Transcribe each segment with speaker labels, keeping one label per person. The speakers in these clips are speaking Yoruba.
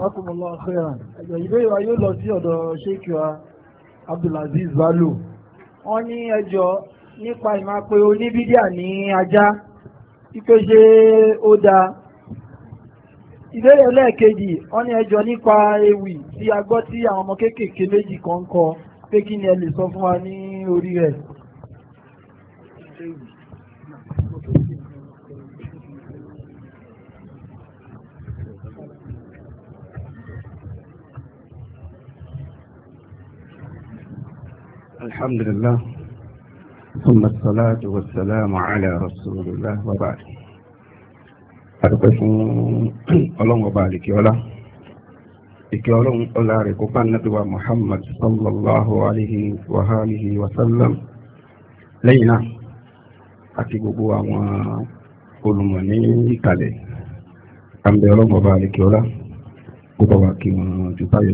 Speaker 1: rákùnmọ́lá àfẹ́ràn ẹ̀jọ̀ ìbéèrè wa yóò lọ sí ọ̀dọ̀ ṣékìá Abdulaziz Bello
Speaker 2: wọ́n ní ẹjọ́ nípa ìmáa pé oníbídíà ní ajá pípé ṣe ó dáa ìbéèrè lẹ́ẹ̀kejì wọ́n ní ẹjọ́ nípa ewì tí a gbọ́ tí àwọn ọmọ kéékèèké méjì kan kọ pé kí ni ẹ lè sọ fún wa ní orí rẹ̀. الحمد لله ثم الصلاة والسلام على رسول الله وبعد أتقفوا الله وبارك ولا إكرام الله ركوبا نبوى محمد صلى الله عليه وآله وسلم لينا أتقفوا olùmọ̀ní ìkàlẹ̀ àmì ọlọ́mọ ọba àlekíọ́lá gbogbo wa kí wọn jù báyìí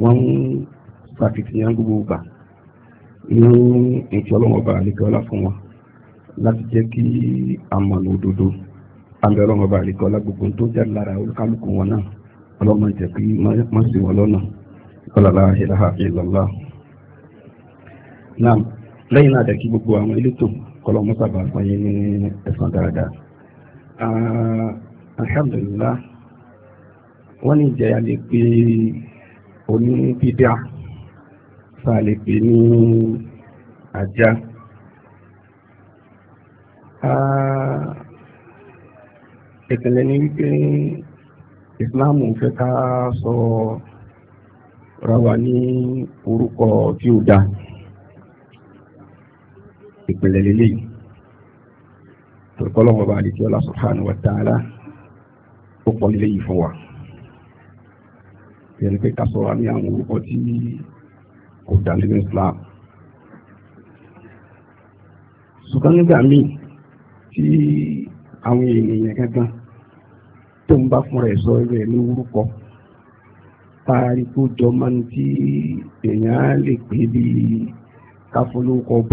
Speaker 2: wọ́n ń ṣàfihàn gbogbo gbà ní ètò ọlọ́mọba àlekọ́lá fún láti jẹ́ kí a mọ̀nà òdodo àmì ọlọ́mọba àlekọ́lá gbogbo tó jáde lára olúkálùkù wọn náà ọlọ́mọ jẹ́ kí wọ́n sì wọ́n lọ́nà ọlọ́lá ìlàhà ìlọ́lá. náà lẹ́yìn náà kí gbogbo àwọn elétò kọlọ́mọ sábà fọyín ní ẹ̀sán dáadáa. Ah, alhamdulillah wọ́n ní oníbídá fàlèpé ní ajá ìpínlẹ̀ ní wípé ìsìláàmù fẹ́ ká sọ rawa ní orúkọ tí ó dá ìpínlẹ̀ lélẹ́yìí tòkọ́lọ́wọ́ bá àdìsí ọlá subhanahu wa ta'ala ó pọ̀ lélẹ́yìí fún wa. yẹn pé ká sọ̀rọ̀ ní àwọn orúkọ tí kò dá nínú Islam. ṣùgbọ́n nígbà míì tí àwọn ènìyàn gángan tó ń bá fúnra ẹ̀ sọ ẹgbẹ́ ní orúkọ taari tó jọ máa ń tí èèyàn lè pè bí bù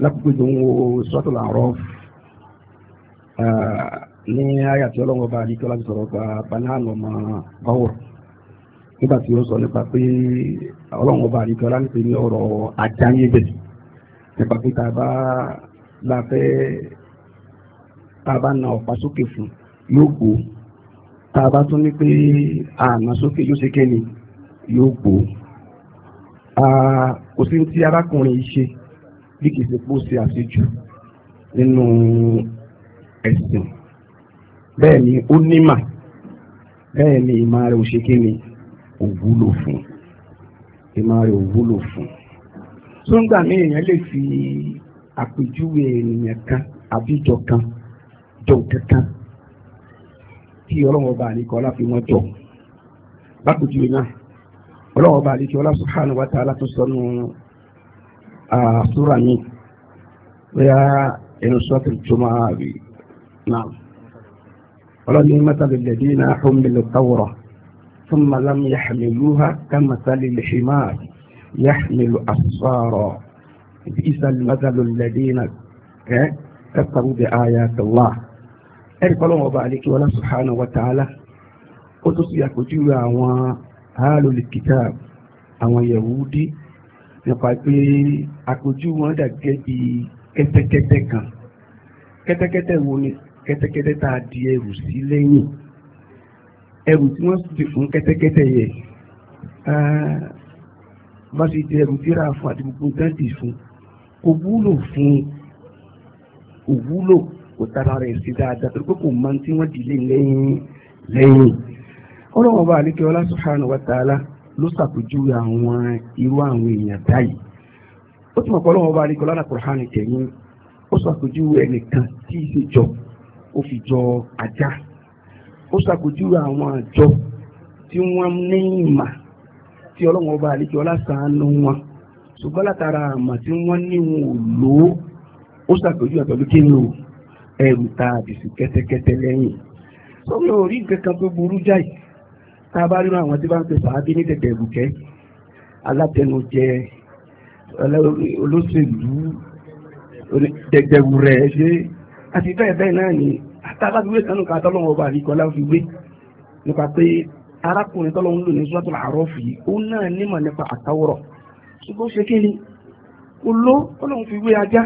Speaker 2: lápapọ̀ ìdánwò ní àyà tí ọlọ́wọ́ bá rí tọ́lá sọ̀rọ̀ pa banáàlù ọmọ báwọ̀ nígbà tí ó sọ nípa pé ọlọ́wọ́ bá rí tọ́lá nípe ní ọ̀rọ̀ ajáyébẹ̀ nípa pé tá a bá la fẹ́ tá a na ọ̀pá sókè fún yóò gbó tá a bá tún ní pé àná sókè yóò ṣe kẹ́ni yóò gbó kò sí ti arákùnrin yìí ṣe bí kìí ṣe pé àṣejù nínú ẹ̀sìn. bẹ́ẹ̀ ni ó nímà bẹ́ẹ̀ ni ìmọ̀ rẹ̀ ò ṣe kí ni ò fún ìmọ̀ rẹ̀ fún. sóńgbà mi èèyàn kan àbíjọ kan jọ kankan kí ọlọ́run ọba àníkọ́ láfi wọ́n jọ lápèjúwe náà ọlọ́run ọba àníkọ́ ọlá subhanahu wa ta'ala tó sọnù àsúrà mi bóyá ẹnu sọ́ọ̀tì tó máa rí ọlọ́ni mẹ́tàlì lẹ́dí iná ọmọlẹ̀ tawọ́rọ̀ fún malam yaxmiluha kàmẹ́tàlì lẹ́xìmá yaxmilu asfaro isal mẹ́tàlì lẹ́dí iná ẹ́ kẹtàrú bẹ ayatollah ẹ̀rí kọ́lọ́ wọn bá aleke wọn subhana wa ta'ala ó tó sì àpèjú àwọn alòlìkítà àwọn yahudi nípa pé àpèjú wọn dà gẹ́gẹ́ kẹ́tẹ́kẹ́tẹ́ kan kẹ́tẹ́kẹ́tẹ́ wo ni kẹ́tẹ́kẹ́tẹ́ tá a di ẹrù sí lẹ́yìn ẹrù tí wọ́n ti fún kẹ́tẹ́kẹ́tẹ́ yẹ bá ti di ẹrù tíra fún àti gbogbo dáńtì fún kò wúlò fún òwúlò kò tara rẹ̀ sí dáadáa torí pé kò mọ tí wọ́n dìlé lẹ́yìn lẹ́yìn ọlọ́run ọba àlékẹ́ ọlá subhanahu wa ta'ala ló ṣàpèjúwe àwọn irú àwọn èèyàn báyìí ó ti mọ̀ pé ọlọ́run ọba àlékẹ́ ọlá al kẹ́yìn ó ṣàpèjúwe ẹnìkan tí ì ó fi jọ ajá ó ṣàpèjúwe àwọn àjọ tí wọ́n ní ìmà tí ọlọ́run ọba àlejò ọlásàánú wọn ṣùgbọ́n látara àmà tí wọ́n ní wọn ò lò ó ó ṣàpèjúwe pẹ̀lú kí ni o ẹrù ta àdìsí kẹ́tẹ́kẹ́tẹ́ lẹ́yìn sọ́mi ò rí nǹkan kan tó burú jáì tá a bá rí àwọn tí bá ń pè sàábí ní tẹ̀tẹ̀ ìbùkẹ́ alátẹnujẹ olóṣèlú dẹ̀dẹ̀wù rẹ̀ ṣe àti bẹ́ẹ̀ bẹ́ẹ̀ náà ni àtàlágbé kan nǹkan tọ́lọ́wọ́ ọba àríkọlá fi wé nípa pé arákùnrin tọ́lọ́wọ́ ń lò ní suratul A'raf yìí ó náà nímọ̀ nípa àtàwọ̀rọ̀ ṣùgbọ́n ṣe kí ni oló ọlọ́run fi wé ajá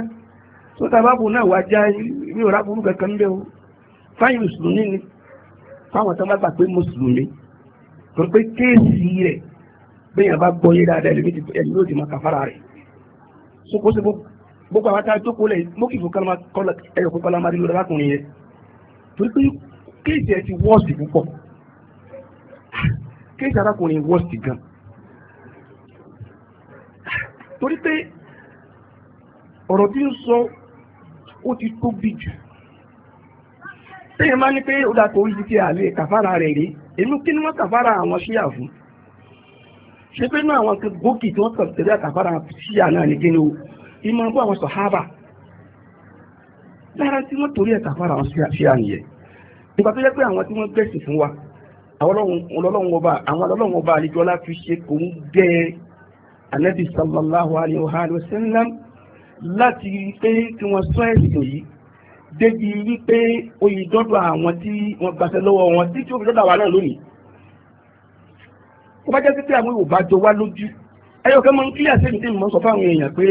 Speaker 2: tó tàbábù náà wá já ilé ọ̀rá burú kankan bẹ́ẹ̀ o fáyìn mùsùlùmí ni fáwọn tó bá gbà pé mùsùlùmí tó pé kéèsì rẹ̀ bẹ́ẹ̀ yẹn bá gbọ́ yé dáadáa ẹ̀lẹ́mí gbogbo àwọn atájú kó lẹ̀ mọ́kì fún ẹyọ kó kọ́lá máa rí lórí arákùnrin yẹn torí pé kéèsì ẹ ti wọ́ọ̀sì púpọ̀ kéèsì arákùnrin wọ́ọ̀sì gan torí pé ọ̀rọ̀ tí ń sọ ó ti tóbi jù téèyàn máa ní pé ó dà tó yí ti àlè kàfàrà rẹ̀ rí èmi kí ni wọ́n kàfàrà àwọn ṣíyà fún ṣé pé náà àwọn gòkè tí wọ́n kàfàrà ṣíyà náà ní kí ni o ìmọ̀ bú àwọn sọ̀hábà lára tí wọ́n torí ẹ̀ka fara àwọn sí àyẹ̀ nígbà tó jẹ́ pé àwọn tí wọ́n gbẹ̀sìn fún wa àwọn ọlọ́run ọba àwọn ọlọ́run ọba àlejò ọlá fi ṣe kò ń gẹ́ anabi sallallahu alayhi wa sallam láti pé kí wọ́n sọ ẹ̀sìn yìí débi wípé oyè dọ́dọ̀ àwọn tí wọ́n gbàṣẹ lọ́wọ́ wọn tí tí ó fi dọ́dọ̀ àwa náà lónìí ó bá jẹ́ pé àwọn Yorùbá jọ wá lójú ẹ̀yọ̀ kẹ́ mọ́ ń kílíà sí ìdí ìmọ̀ sọ fáwọn èèyàn pé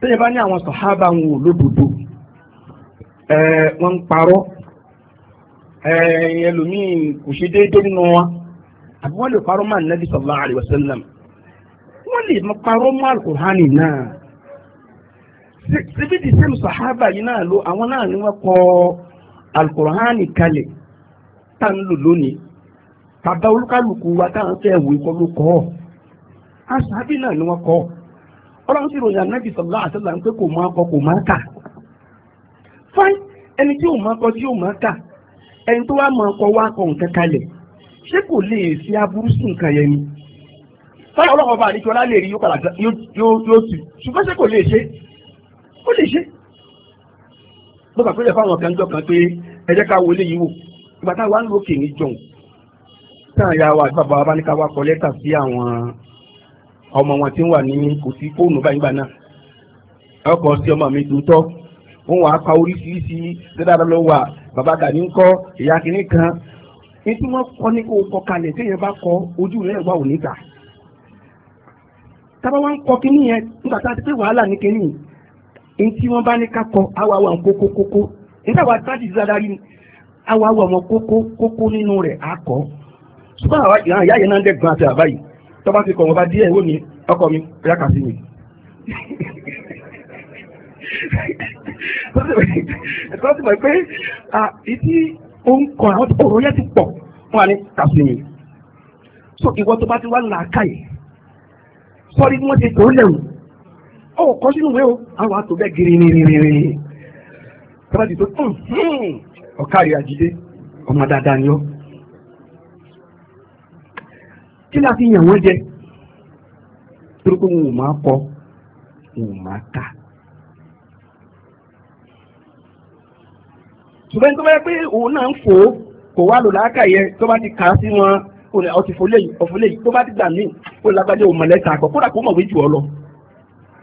Speaker 2: tẹ́yẹ bá ní àwọn sọ̀hábà ń wò lódodo wọ́n ń parọ́ ẹlòmíì kò ṣe déédéé nínú wa àbí wọ́n lè parọ́ máa nàbí sallallahu alaihi wasallam wọ́n lè parọ́ máa kùránì náà síbi tí sẹ́mu sọ̀hábà yìí náà ló àwọn náà ni wọ́n kọ alukùránì kalẹ̀ tá ń lò lónìí tàbá olúkálùkù wa táwọn fẹ́ wò ikọ́ ló kọ́ àṣàbí náà ni wọ́n kọ́ ọ́ ọlọ́run sì ròyìn anábì sallallahu alaihi wasallam pé kò máa kọ kò máa kà fáì ẹni tí ò máa kọ tí ò máa kà ẹni tó wá máa kọ wá kọ nǹkan kalẹ̀ ṣé kò lè fi aburú sí nǹkan yẹn ni fáì ọlọ́run ọba àdìkí ọlá lè rí yóò padà yóò tù ṣùgbọ́n ṣé kò lè ṣe ó lè ṣe ló bàbá ìjọba àwọn ọ̀kan jọ kan pé ẹ jẹ́ ká wo eléyìí wò ìgbà táwa ń lókè ní jọ̀hún táwọn ìyá wa àti bàbá wa bá ní ká wá kọ ọmọ wọn ti wà ní kò sí fóònù báyìí gbà náà ọkọ̀ sí ọmọ mi tuntọ́ wọn wà á pa oríṣiríṣi dáadáa wà bàbá gani ńkọ ìyá kan tí wọ́n kọ́ ní kó kọ kalẹ̀ téèyàn kọ ojú wà tábà kọ yẹn nígbà tá a ti pé bá kọ àwa nígbà wà tá a ti rí nínú ṣùgbọ́n àwọn ìyá yẹn náà ń dẹ́gbọ́n tó bá ti kọ̀ wọ́n bá díẹ̀ ìwò mi ọkọ mi ẹ̀yà kà sí mi. tó ti mọ̀ pé ìdí ó ń kọ àwọn tí kò ti pọ̀ fún wa ní kà mi. so ìwọ tó bá ti wá làákàyè sọ́ọ́rí bí wọ́n ti tó lẹ̀wù ó kọ́ sínú ìwé o àwọn àtò bẹ́ẹ̀ gírí ní tó bá ti tó ọ̀kárí àjídé ọmọ dáadáa ni ó kí la fi yàn wọ́n jẹ torí pé wọn ò máa kọ wọn ò máa kà. ṣùgbọ́n tó bá yẹ pé òun náà ń fò ó kò wá lò láàkà yẹ tó bá ti kà á sí wọn ọtí fòlẹ́yìn ọ̀fọ̀lẹ́yìn tó bá ti gbà mí ó lágbájá òun mọ̀lẹ́ta àkọ́ kódà kó mọ̀wé jù ọ lọ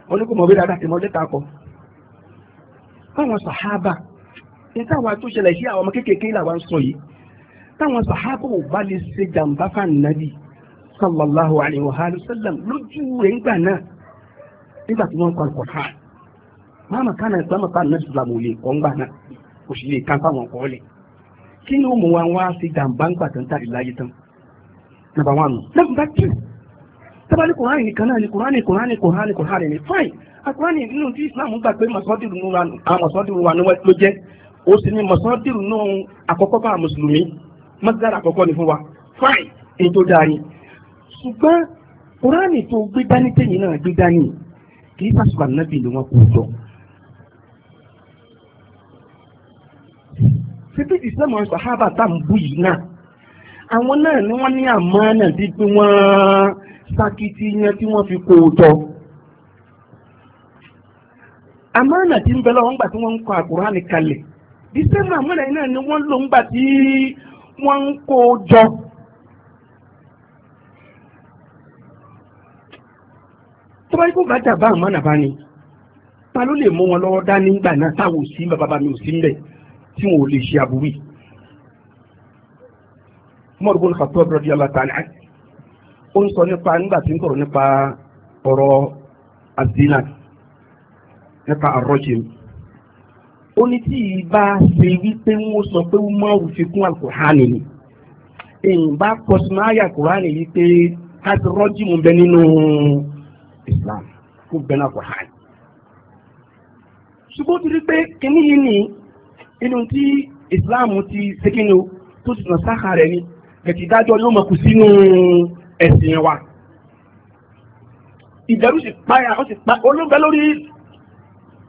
Speaker 2: wọn ní kó mọ̀wé dáadáa ti mọ̀lẹ́ta àkọ́. báwọn sàhábà ní táwọn àtúnṣe sí àwọn ọmọ kéékèèké làwọn sọ yìí táwọn sàhábà ò bá lè ṣe jàǹbá fáànù náà sallallahu alayhi wa sallam lójú rẹ̀ ńgbà náà nígbà tí wọ́n kọ́ àkọ́kọ́ máàmà kánà ìgbàmà kánà náà sùlámù lè kọ́ ńgbà náà kò sì lè kán fáwọn ọkọ̀ ọ̀lẹ̀ kí ni ó mú wa wá sí jàǹbá ńgbà tó ń tàbí láyé tán nàbà wà nù. nàbà tù tábà ní kùránì nìkan náà ní kùránì kùránì kùránì kùránì ní fáìn àkùránì nínú tí islam gbà pé masọ́dìrù wa ló jẹ́ ó sì ní masọ́dìrù nù àkọ́kọ́ bá mùsùlùmí masjid àkọ́kọ́ ni fún wa fáìn èyí dáa ni ṣùgbọ́n kúránì tó gbé dání tẹ̀yìn náà gbé dání kì í sàṣùkà nàbì ni wọ́n kó jọ. síbí ìsìlámù sàhábà tá à ń bú yìí náà àwọn náà ni wọ́n ní àmọ́ náà ti pé wọ́n sakiti yẹn tí wọ́n fi kó o jọ. àmọ́ náà ti ń bẹ lọ́wọ́ ńgbà tí wọ́n ń kọ àkùránì kalẹ̀ dísẹ́mbà àmọ́ náà ni wọ́n lò ńgbà tí wọ́n ń kó o jọ. tó bá yẹ kó bàtà bá àmọ́ nàbá ni ta ló lè mú wọn lọ́wọ́ dání ńgbà náà táwọn ò sí ń bẹ bàbá mi ò sí ń bẹ tí wọn ò lè ṣe àbúrò yìí. Umar bin Khattab radiyallahu ta'ala anhu ó ń sọ nípa nígbà tí ń sọ̀rọ̀ nípa ọ̀rọ̀ azina nípa àrọ́jìm ó ní tí ìbá ṣe wípé wọ́n sọ pé Umar fi kún alukur'ani ni ìbá kọsùn ayà yìí pé káàtì rọ́jìm bẹ nínú. No Islam kó gbẹ́nà kò hàn. ṣùgbọ́n torí pé kìíní yìí ni inú tí Islam ti ṣèkínú tó ti sàn sáà rẹ̀ ni kẹ̀kì dájọ́ yóò mọ̀ kù sínú ẹ̀sìn wa. ìbẹ̀rù sì páyà ó sì pa olóńgbẹ lórí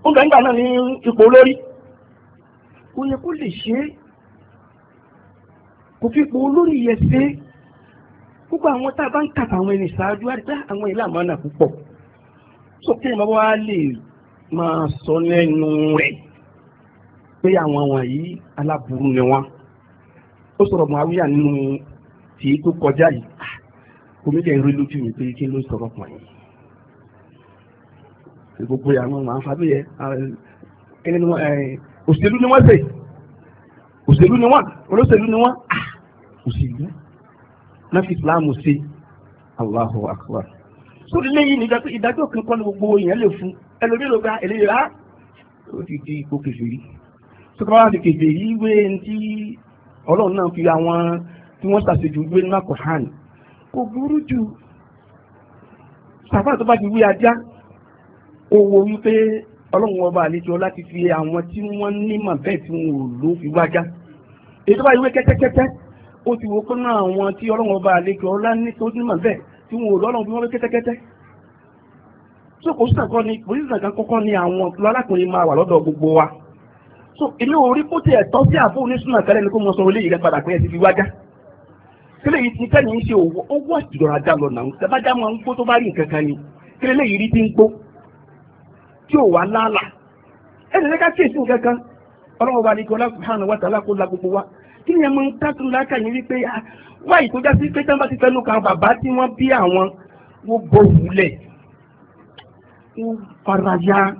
Speaker 2: oúnjẹ ńgbà náà ní ipò olórí. ó yẹ kó lè ṣe é kò fi ipò olórí yẹ ṣe é púpọ̀ àwọn tá a bá ń kàtà àwọn ẹni ṣáájú àti àwọn ìlànà púpọ̀ sókè máa wá lè máa sọ lẹ́nu rẹ̀ pé àwọn wọ̀nyí aláburú ni wọ́n ó sọ̀rọ̀ Muawiya nínú tí tó kọjá yìí ah, omidan ìrírí lójú mi pé kí ló sọ̀rọ̀ pọ̀ yìí gbogbo àwọn ọmọ àǹfààní yẹ ah, kíni ni wọ́n eh, òṣèlú ni wọ́n ṣe òṣèlú ni wọ́n olóṣèlú ni wọ́n ah, òṣèlú náà fi Islam ṣe Allahu Akbar tó lè léyìn nígbà pé ìdájọ́ kan kọ́ ni gbogbo èèyàn lè fún ẹlòmíì ló gba eléyìí rà ah! ó ti di ipò kèfèrí tó kọ́ wá di kèfèrí wé tí ọlọ́run náà fi àwọn tí wọ́n ṣàṣejù gbé nínú àkọ́hán kò burú jù sàfà tó bá ti wí ajá owó wípé ọlọ́run ọba àlejò láti fi àwọn tí wọ́n nímọ̀ bẹ́ẹ̀ tí wọn ò ló fi wájá èyí tó bá yí wé kẹ́tẹ́kẹ́tẹ́ ó ti wo kọ́nà àwọn tí ọlọ́run ọba àlejò ọlá ní tó nímọ̀ bẹ́ẹ̀ tí wọn ò lọ́lọ́run bí wọ́n rí kẹ́tẹ́kẹ́tẹ́ so kò sísàn kan ni kò kan kọ́kọ́ ni àwọn gbogbo wa so èmi ò rí kó sí onísùnà kálẹ̀ ni kó mọ léyìí rẹ padà pé ẹ ti fi kílẹ̀ yìí ti ṣe òwò ó dá máa ń gbó tó bá rí nǹkan kan ni kílẹ̀ tí ò wá lálà lẹ́ka nǹkan kan ọlọ́run wa ni kí ọlá wáyé tó já sí pé tán bá ti fẹnu kan bàbá tí wọ́n bí àwọn wọ́n bọ̀ wúlẹ̀ wọ́n fara ya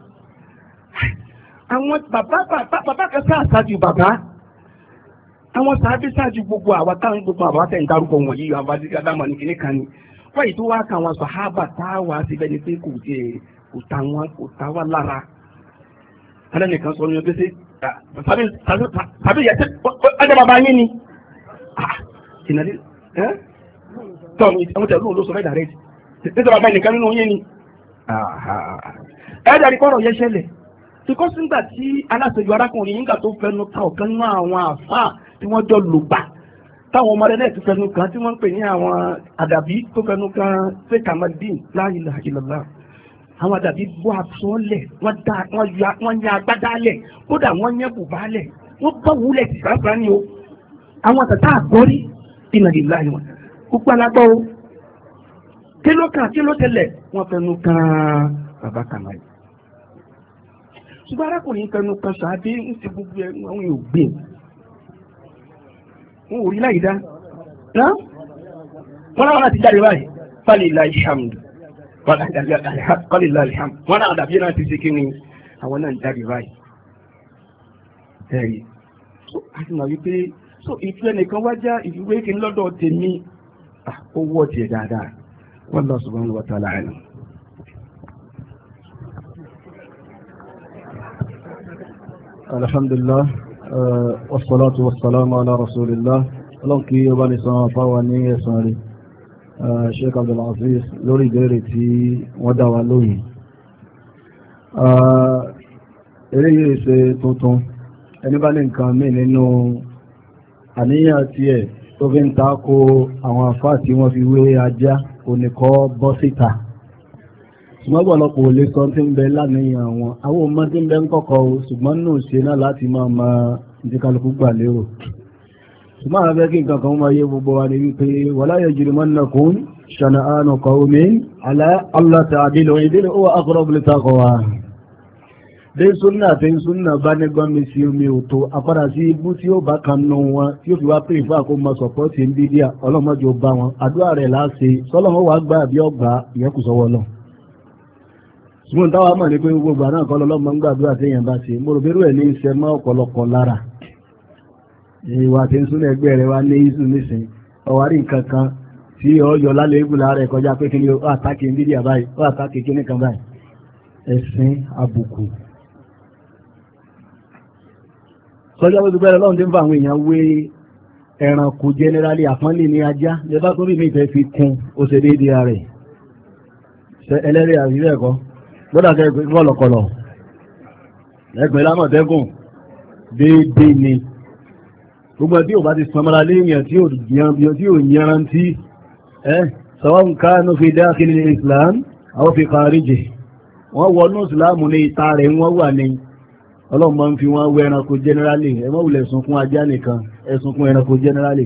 Speaker 2: àwọn bàbá bàbá kan sáà ṣáájú bàbá àwọn sàábí ṣáájú gbogbo àwa táwọn gbogbo àwa tẹ̀ ń dárúkọ wọ̀nyí àwọn adígbà dámọ̀ ní kíní kan ni wáyé tó wá kan àwọn sàhábà táwa síbẹ̀ ni pé kò tiẹ̀ kò ta wọn kò ta wá lára alẹ́nìkan sọ ní ọdún sí tàbí yẹtí ọjọ́ bàbá yín ni ìnàdí ẹ́ tọ́ àwọn tẹ̀lú ló sọ fẹ́ dàrẹ́tì nítorí bàbá ẹnìkan nínú yé ni ẹ̀ẹ́dà rí kọ́rọ̀ yẹ ṣẹlẹ̀ tíkọ́ sígbà tí aláṣẹjù arákùnrin yìí ń gbà tó fẹnu ta ọ̀kan nínú àwọn àfáà tí wọ́n jọ lùgbà táwọn ọmọdé náà ti fẹnu kan tí wọ́n ń pè ní àwọn àdàbí tó fẹnu kan ṣe kàmádìn la ilaha illallah àwọn àdàbí bọ́ àtúnlẹ̀ wọ́n ya agbádálẹ̀ kódà wọ́n yẹ bùbálẹ̀ wọ́n bọ́ wúlẹ̀ tìfáfá ni o àwọn tàtà àgbọ́rí iná ìlà ìwọ̀n púpọ̀ alágbọ́ o kí ló kàn kí ló tẹ̀lẹ̀ wọ́n fẹnu kan bàbá kàmá yìí ṣùgbọ́n arákùnrin fẹnu kan ṣáàdé ń ṣe gbogbo ẹnu àwọn yóò gbé e. wọn ò rí láyìí dá wọn náà wọn àti jáde báyìí fálẹ̀ ìlà ìṣàmùdù kọ́lìlá alham wọ́n náà dàbí náà ti ṣe kí ni àwọn náà jáde báyìí ẹ̀rí a ti wípé so ìfẹ́ nìkan wá já ìwé kí n lọ́dọ̀ tèmi ó wọ́ tiẹ̀ dáadáa wallahu subhanahu wa ta'ala alam. alhamdulillah uh, wasalaatu wasalaamu ala rasulillah ọlọ́run kí ó bá ní san afáwa ní ẹ̀sán rẹ̀ uh, sheikh abdulaziz lórí ìbéèrè tí wọ́n dá wa lóyìn uh, eré yìí ṣe tuntun ẹni bá ní nǹkan míì nínú àníyàn tiẹ̀ tó fi ń ta ko àwọn afá tí wọ́n fi wé ajá oníkọ́ bọ́ síta ṣùgbọ́n ọ̀pọ̀lọpọ̀ ò lè sọ tí ń bẹ láníyàn wọn àwọn ọmọ tí ń bẹ ń kọ́kọ́ o ṣùgbọ́n náà ṣe náà láti máa ma ìdíkàlùkù gbà lérò ṣùgbọ́n àwọn afẹ́kí nǹkan kan máa yé gbogbo wa ní wípé wala yajrimannakum shana'anu qawmin ala alla ta'dilu idilu huwa aqrabu littaqwa bí sunna tí sunna bá nígbà mi sí omi òtó àpárá sí ibú tí ó bá kan wọn tí ó fi wá pé ìfá kó mọ ń ọlọ́mọdé bá wọn àdúrà rẹ̀ láṣẹ sọlọ́mọ wàá gbà bí ọgbà ìyẹn sọ́wọ́ lọ. ṣùgbọ́n táwa mọ̀ ní pé gbogbo àná ń gbàdúrà tí èèyàn bá ṣe mo rò bẹ́rù ẹ̀ ní iṣẹ́ mọ́ ọ̀pọ̀lọpọ̀ lára. ìwà sọjọ́ bó ti bẹ̀rẹ̀ lọ́run tí ń fa àwọn èèyàn wé ẹranko generally àpọ́nlé ní ajá lè bá torí mi ìfẹ́ fi kún ó ṣe déédéé rẹ̀ ẹlẹ́rìí àríwẹ̀ ẹ̀kọ́ gbọ́dọ̀ kẹ́ kọ́lọ̀kọ́lọ̀ ẹgbẹ́ lámọ̀tẹ́kùn déédéé ni gbogbo ẹbí ò bá ti sanmọ́ra léèyàn tí ò yanrantí ẹ́ sọ́wọ́n ká ló fi dákìlì Islam àwọn fi kàrí jì wọ́n wọnú Islam ní ìta rẹ̀ wọ́n wà ní ọlọ́run máa ń fi wọ́n wẹ ẹranko generally ẹ má wulẹ̀ sunkún ajá nìkan ẹ sunkún ẹranko generally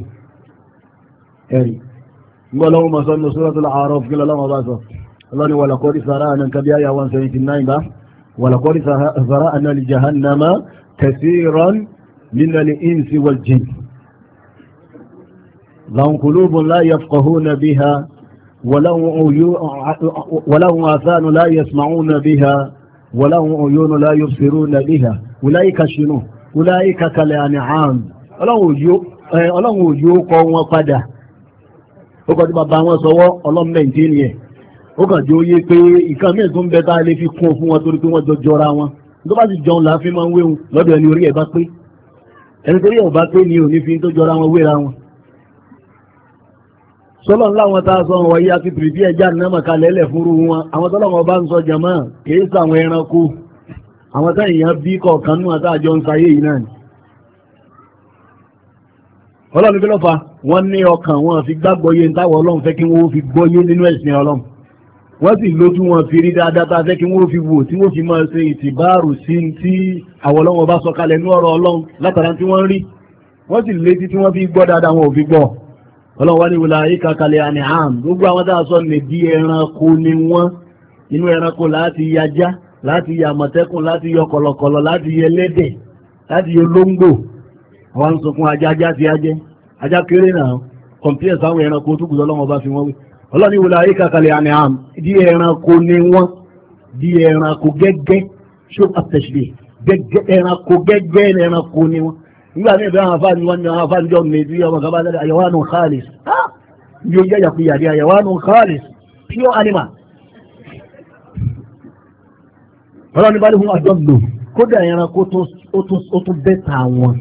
Speaker 2: ẹ̀rì nígbà ọlọ́run máa sọ nínú Suratul A'raf kí lọ́lọ́run bá sọ ọlọ́run wà lọ́kọ́ ìsàrà àná nǹkan bí àyà one seventy nine bá wà lọ́kọ́ ìsàrà àná lè jahannama wọ́láhùn òyónú لا fèrú nàbíhà wùláyíká ṣinú wùláyíká kalẹ̀ àmì àrùn ọlọ́run òjò kọ wọn padà ó kọ́ tí bàbá wọn sọwọ́ ọlọ́mẹ̀ntínì ẹ̀ ó kàn jó yé pé ìkan mẹ́rin tó ń bẹ tá a lè fi kún fún wọn torí pé wọ́n jọra wọn tó bá sì jọun là máa ń wéhun lọ́dọ̀ ẹni orí ẹ̀ bá pé ẹni torí ẹ̀ bá pé ni òní fi tó jọra wọn wéra wọn sọ́lọ́ ńlá wọn tá a sọ wọ̀nyí àti pìrìtì ẹja nàmà kalẹ̀ lẹ̀ fúru wọn àwọn tọ́lọ́ wọn bá ń sọ jàmá kìí sàwọn ẹranko àwọn tá èèyàn bí kọ̀ọ̀kan nù àtàjọ ń sayé yìí náà ọlọ́run kí ló fa wọ́n ní ọkàn wọn fi gbàgbọ́ yé ń táwọn ọlọ́run fẹ́ kí wọ́n fi gbọ́ yé nínú ẹ̀sìn ọlọ́run wọ́n sì lójú wọn fi rí dáadáa tá a fẹ́ kí wọ́n fi wò tí wọ́n fi máa ṣe ìtìbáàrù sí tí àwọn ọlọ́run ọba sọ kalẹ̀ ní ọ̀rọ̀ ọlọ́run látara tí wọ́n rí wọ́n sì létí tí wọ́n fi gbọ́ dáadáa wọn ò fi gbọ́ ọlọ́wọ́ ní wùlá ayé kakalẹ̀ àní àm gbogbo àwọn tá a sọ lè di ẹranko ni wọ́n inú ẹranko láti yajá láti yà mọ̀tẹ́kùn láti yọ kọ̀lọ̀kọ̀lọ̀ láti yẹ lẹ́dẹ̀ láti yọ lóńgbò àwọn sọkún ajá ajá ti ajẹ́ ajá kéré náà kọ̀mpíẹ̀ sáwọn ẹranko tó gùdọ́ lọ́wọ́ bá fi wọ́n wí ọlọ́ni wùlá ayé kakalẹ̀ àní àm di ẹranko ni wọ́n di ẹranko gẹ́gẹ́ ṣó àtẹ̀ṣe gẹ́gẹ́ ẹranko gẹ́gẹ́ ẹranko ni wọ́n nígbà ní ìbẹ̀rẹ̀ àfáà ni wọ́n ní àfáà níjọ́ mi bí ọmọ gaba lẹ́dẹ̀ àyẹ̀wánù khalis ní oúnjẹ yàkuyà ní àyẹ̀wánù khalis pure animal ọlọ́ni bá lóhun àjọ lò kódà ẹranko ó tún bẹ́ta wọn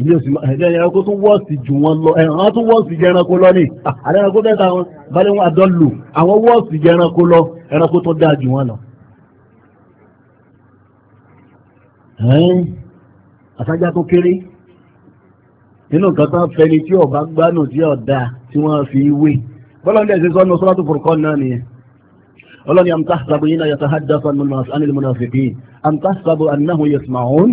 Speaker 2: ilé òsì ẹ̀jẹ̀ ẹranko tún wọ́ọ̀sì jù wọn lọ ẹ̀ràn tún wọ́ọ̀sì jẹ ẹranko lọ ní àdẹ́ranko bẹ́ta wọn bá lóhun àjọ lò àwọn wọ́ọ̀sì jẹ ẹranko lọ ẹranko tún dáa jù wọn lọ àsájá tó kéré nínú nǹkan tó ń fẹni tí ọba gbánù tí ọ̀dà tí wọ́n fi wé bọ́lọ́dẹ̀ ṣe sọ́nù sọ́látù fòrùkọ́ náà nìyẹn ọlọ́ni amtahsabu yìí náà yàtọ̀ hadafa anil munafiqin amtahsabu annahu yasma'un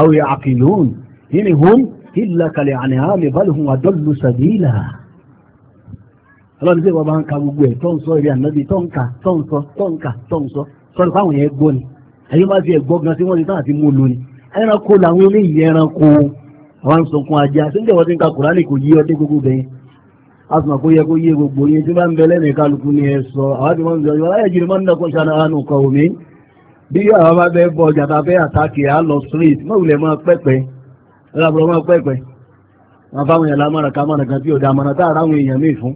Speaker 2: aw ya'qilun yìí hum illa kal an'am bal hum adallu sabila ọlọ́ni tí wọ́n bá ń ka gbogbo ẹ̀ tó ń sọ ìrìn ànábì tó ń ka tó ń sọ tó ń ka tó ń sọ sọ́ni fáwọn yẹn gbọ́ ni àyè má fi ẹ̀ gan sí wọ́n ti tán àti mú lónìí ẹranko làwọn eléyìí ẹranko wọn sunkún ajá síbẹ̀ wọ́n ti ń ka kùránì kò yí ọdún gbogbo bẹ́ẹ̀ asùnmọ̀ kó yẹ kó yé gbogbo yẹn tí wọ́n bẹ lẹ́nu kálukú ni ẹ sọ àwọn tí wọ́n sọ yọ jìnnà máa ń dàkún ṣáná àánú kọ omi bí àwọn bá bọ ọjà tá fẹ́ àtàkì á lọ street mọ̀ wulẹ̀ máa pẹ́pẹ́ ọlọ́bùrọ̀ máa pẹ́pẹ́ wọn fáwọn yẹn lámàrà ká màrà kan tí òdà àmàrà tá àrà àwọn èèyàn míì fún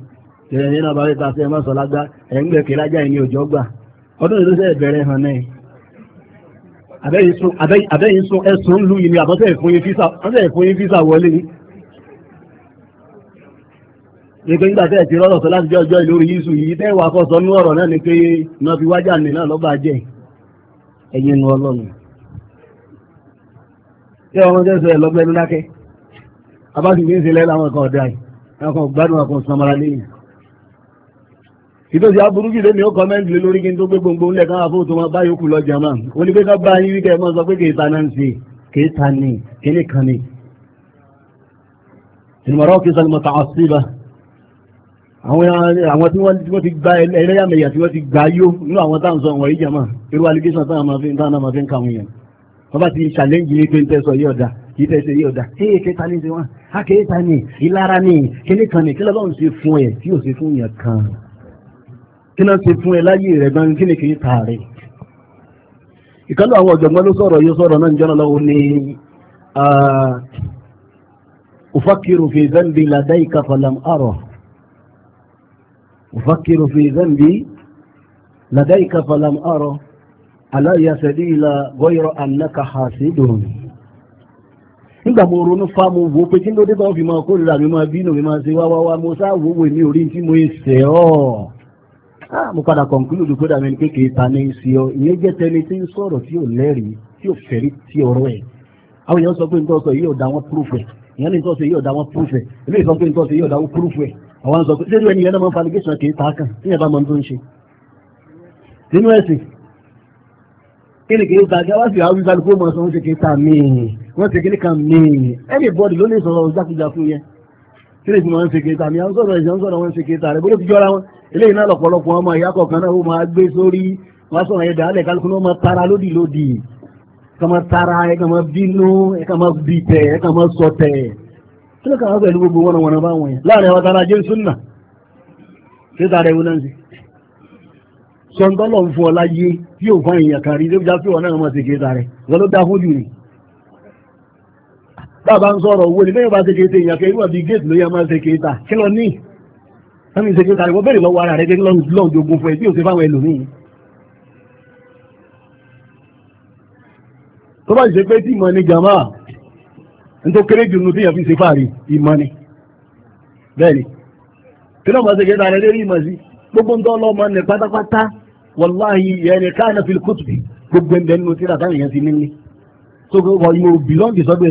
Speaker 2: náà bá fẹ́ ẹ má sọ lágbá ẹ̀ ń gbẹ̀kẹ́ lájà ẹ̀ ní gbà ọdún àbẹ́yìn sun ẹ̀sùn ń lù yìí ni àbọ̀tẹ́ ìfún yín físà wọlé ni. Gbogbo nígbà tẹ́ ẹ̀ ti rọ́rọ̀ sọ láti jẹ́ ọjọ́ ìlú orí yíṣu yìí tẹ́ ìwà kọ́sọ ní ọ̀rọ̀ náà ni pé náà fi wájà ní náà lọ́gbà jẹ́ ẹ̀yìn nu ọlọ́run. Ṣé ọmọ tẹ́ sọ ẹ̀ lọ́gbẹ́ ní lákẹ́? Abáṣe ní ìṣẹ̀lẹ̀ láwọn kan ọ̀dà yìí, àwọn kan gbádùn àwọn kan sanmara lẹ́yìn ìtòsí aburú jù lónìí ó kọ́mẹ́ǹtì lé lórí kí n tó gbé gbogbo ńlẹ̀ káwọn afọ́ tó máa bá yòókù lọ jàmá ó ní pé ká bá yín wíkẹ́ mọ́ sọ pé kì í ta náà ń ṣe kì í ta ní kíní kan ní. ìmọ̀ràn kì í sọ ni mo ta ọ sí ibà àwọn tí wọ́n ti gba ẹlẹ́yàmẹ̀yà tí wọ́n ti gba yó nínú àwọn táwọn sọ wọ̀nyí jàmá irú allegation táwọn máa fi ń táwọn máa fi ń kàwọn èèyàn wọ́n bá ti challenge yìí pé ń tẹ́sọ yí ọ̀dà kì í tẹ́sọ yí ọ̀dà kí èké ta ní ti wọ́n á kéé ta ní ìlara ní kíní kan ní kí lọ́lọ́run ṣe fún ẹ̀ tí ò ṣe fún yẹn kan kí náà ṣe fún ẹ láyé rẹ̀ gan kí ni kì í ta rẹ̀ ìkálọ̀ àwọn ọ̀jọ̀gbọ́n ló sọ̀rọ̀ yóò sọ̀rọ̀ náà ń jọ́nà lọ́wọ́ ní ufakiru fi zambi ladaika falam arọ̀ ufakiru fi zambi ladaika falam arọ̀ aláya sẹ́díìlà gọ́yọ̀rọ̀ annaka hasidun nígbà mo ronú fa mo wò pé kí ló dé bá wọn fi máa kórìíra mi máa bínú mi máa ṣe wá wá wá mo sá wò wò ní orí tí mo ṣe ọ́ Ah, mo padà kọ̀ǹkúlù ló gbọ́dọ̀ mẹ́ni kékeré ta ní sí ọ ìyẹn jẹ́ tẹni tí ń sọ̀rọ̀ tí ò lẹ́rìí tí ò fẹ́rí tí ọ̀rọ̀ ẹ̀ àwọn èèyàn sọ pé nǹkan sọ yìí ò dá wọn púrúfù ẹ̀ ìyẹn ní nǹkan sọ yìí ò dá wọn púrúfù ẹ̀ eléyìí sọ pé nǹkan sọ yìí ò dá wọn púrúfù ẹ̀ àwọn sọ pé lẹ́nu ẹni yẹn náà máa ń faligéṣàn kì í ta kàn tí yẹn bá máa ń tó ń ṣe nínú ẹ̀sìn kí ni kì í ta kí wá sí àwọn ìsàlùkù mọ̀ sọ wọ́n ṣe kì í ta míì wọ́n ṣe kíní kan míì everybody ló lè sọ̀rọ̀ jákujàku yẹn kí ni kì eléyìí náà lọ̀pọ̀lọpọ̀ ọmọ ìyá kọ̀ọ̀kan náà ó máa gbé sórí wọ́n sọ̀rọ̀ yẹn dàálẹ̀ kálukú náà máa tara lódì lódì ẹ̀ka máa tara ẹ̀ka máa bínú ẹ̀ka máa bì tẹ̀ ẹ̀ka máa sọ tẹ̀ kí ló kà wá pẹ̀lú gbogbo wọn wọn báwọn yẹn láàrin àwọn tara jẹ́ súnà ṣé tara ẹ̀wọ̀n náà ń ṣe sọ̀ńtọ́lọ̀ ń fọ láyé tí ò fún èèyàn kan rí ló já sí wọn náà máa ṣe kéta rẹ̀ wọn ló dá fojú ni bàbá ń sọ̀rọ̀ owó ni bẹ́ẹ̀ bá ṣe kéta èèyàn kan irú àbí géètì ló yẹ wọ́n mi ṣe kí n kàlẹ́ wọ́n bẹ̀rẹ̀ lọ́wọ́ ara rẹ̀ gẹ́gẹ́ lọ́n jogun fún ẹ bí òṣèlú àwọn ẹlòmíì. tó bá ṣe pé tí ìmọ̀ ni jàmá n tó kéré jù nù tí yẹn fi ṣe fàárì ìmọ̀ ni bẹ́ẹ̀ ni kí náà máa ṣe kí n kàlẹ́ lérí ìmọ̀ sí gbogbo ń tọ́ lọ́mọ ní pátápátá wàláhì yẹn káàna fi kùtùbì gbogbo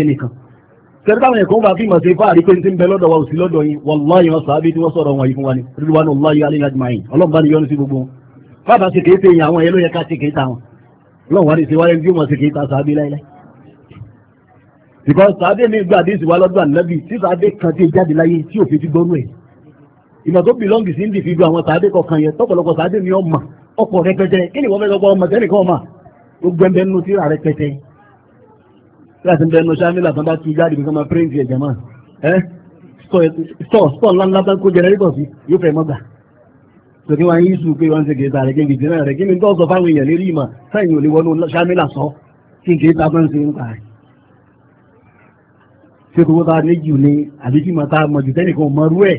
Speaker 2: ẹ̀ ń tẹ́lẹ̀ táwọn ẹ̀kọ́ bá fi mọ̀ sí fáàrí pé ti ń bẹ lọ́dọ̀ wa òsì lọ́dọ̀ yìí wallahi wọn sàábí tí wọ́n sọ̀rọ̀ wọn yìí fún wa ni ríduwanu Allahi alayhi ajma'in ọlọ́run bá ní yọ́nú sí gbogbo wọn sì kéé tẹ̀yìn àwọn ẹlẹ́yẹ ká sì kéé ta wọn ọlọ́run wá ní sí wáyé bí wọ́n sì kéé ta sàábí láíláí. because sàábí mi gba àdéhùn wa lọ́dọ̀ ànábì tí sàábí kan ti jáde láyé tí òfin ti gbọ́nú ẹ̀ ìmọ̀ tó bìlọ́ǹgì sí ń dìfi ju àwọn sàábí kọ̀ọ̀kan yẹn tọ́pọ̀lọpọ̀ sàábí mi ọmọ ọkọ̀ rẹpẹtẹ kí láti bẹnu ṣámílà tán bá ti jáde nǹkan máa píríǹtì ẹ̀jẹ̀ máa ẹ́ stọ̀ stọ̀ ńláńlá tán kó jẹrẹ́rìtọ̀ sí yóò fẹ́ mọ́gbà tó kí wọ́n á yí sùn pé wọ́n ń ṣe kèéta rẹ̀ kí n kìí náà rẹ̀ kí ni tó sọ fáwọn èèyàn lérí ìmọ̀ sáyìn ò lè wọnú ṣámílà sọ kí n kèéta máa ń ṣe ń pa ṣé kókó ta ní jù ni àbí kí màá ta mọ̀ jù tẹ́nìkan mọ̀ rú ẹ̀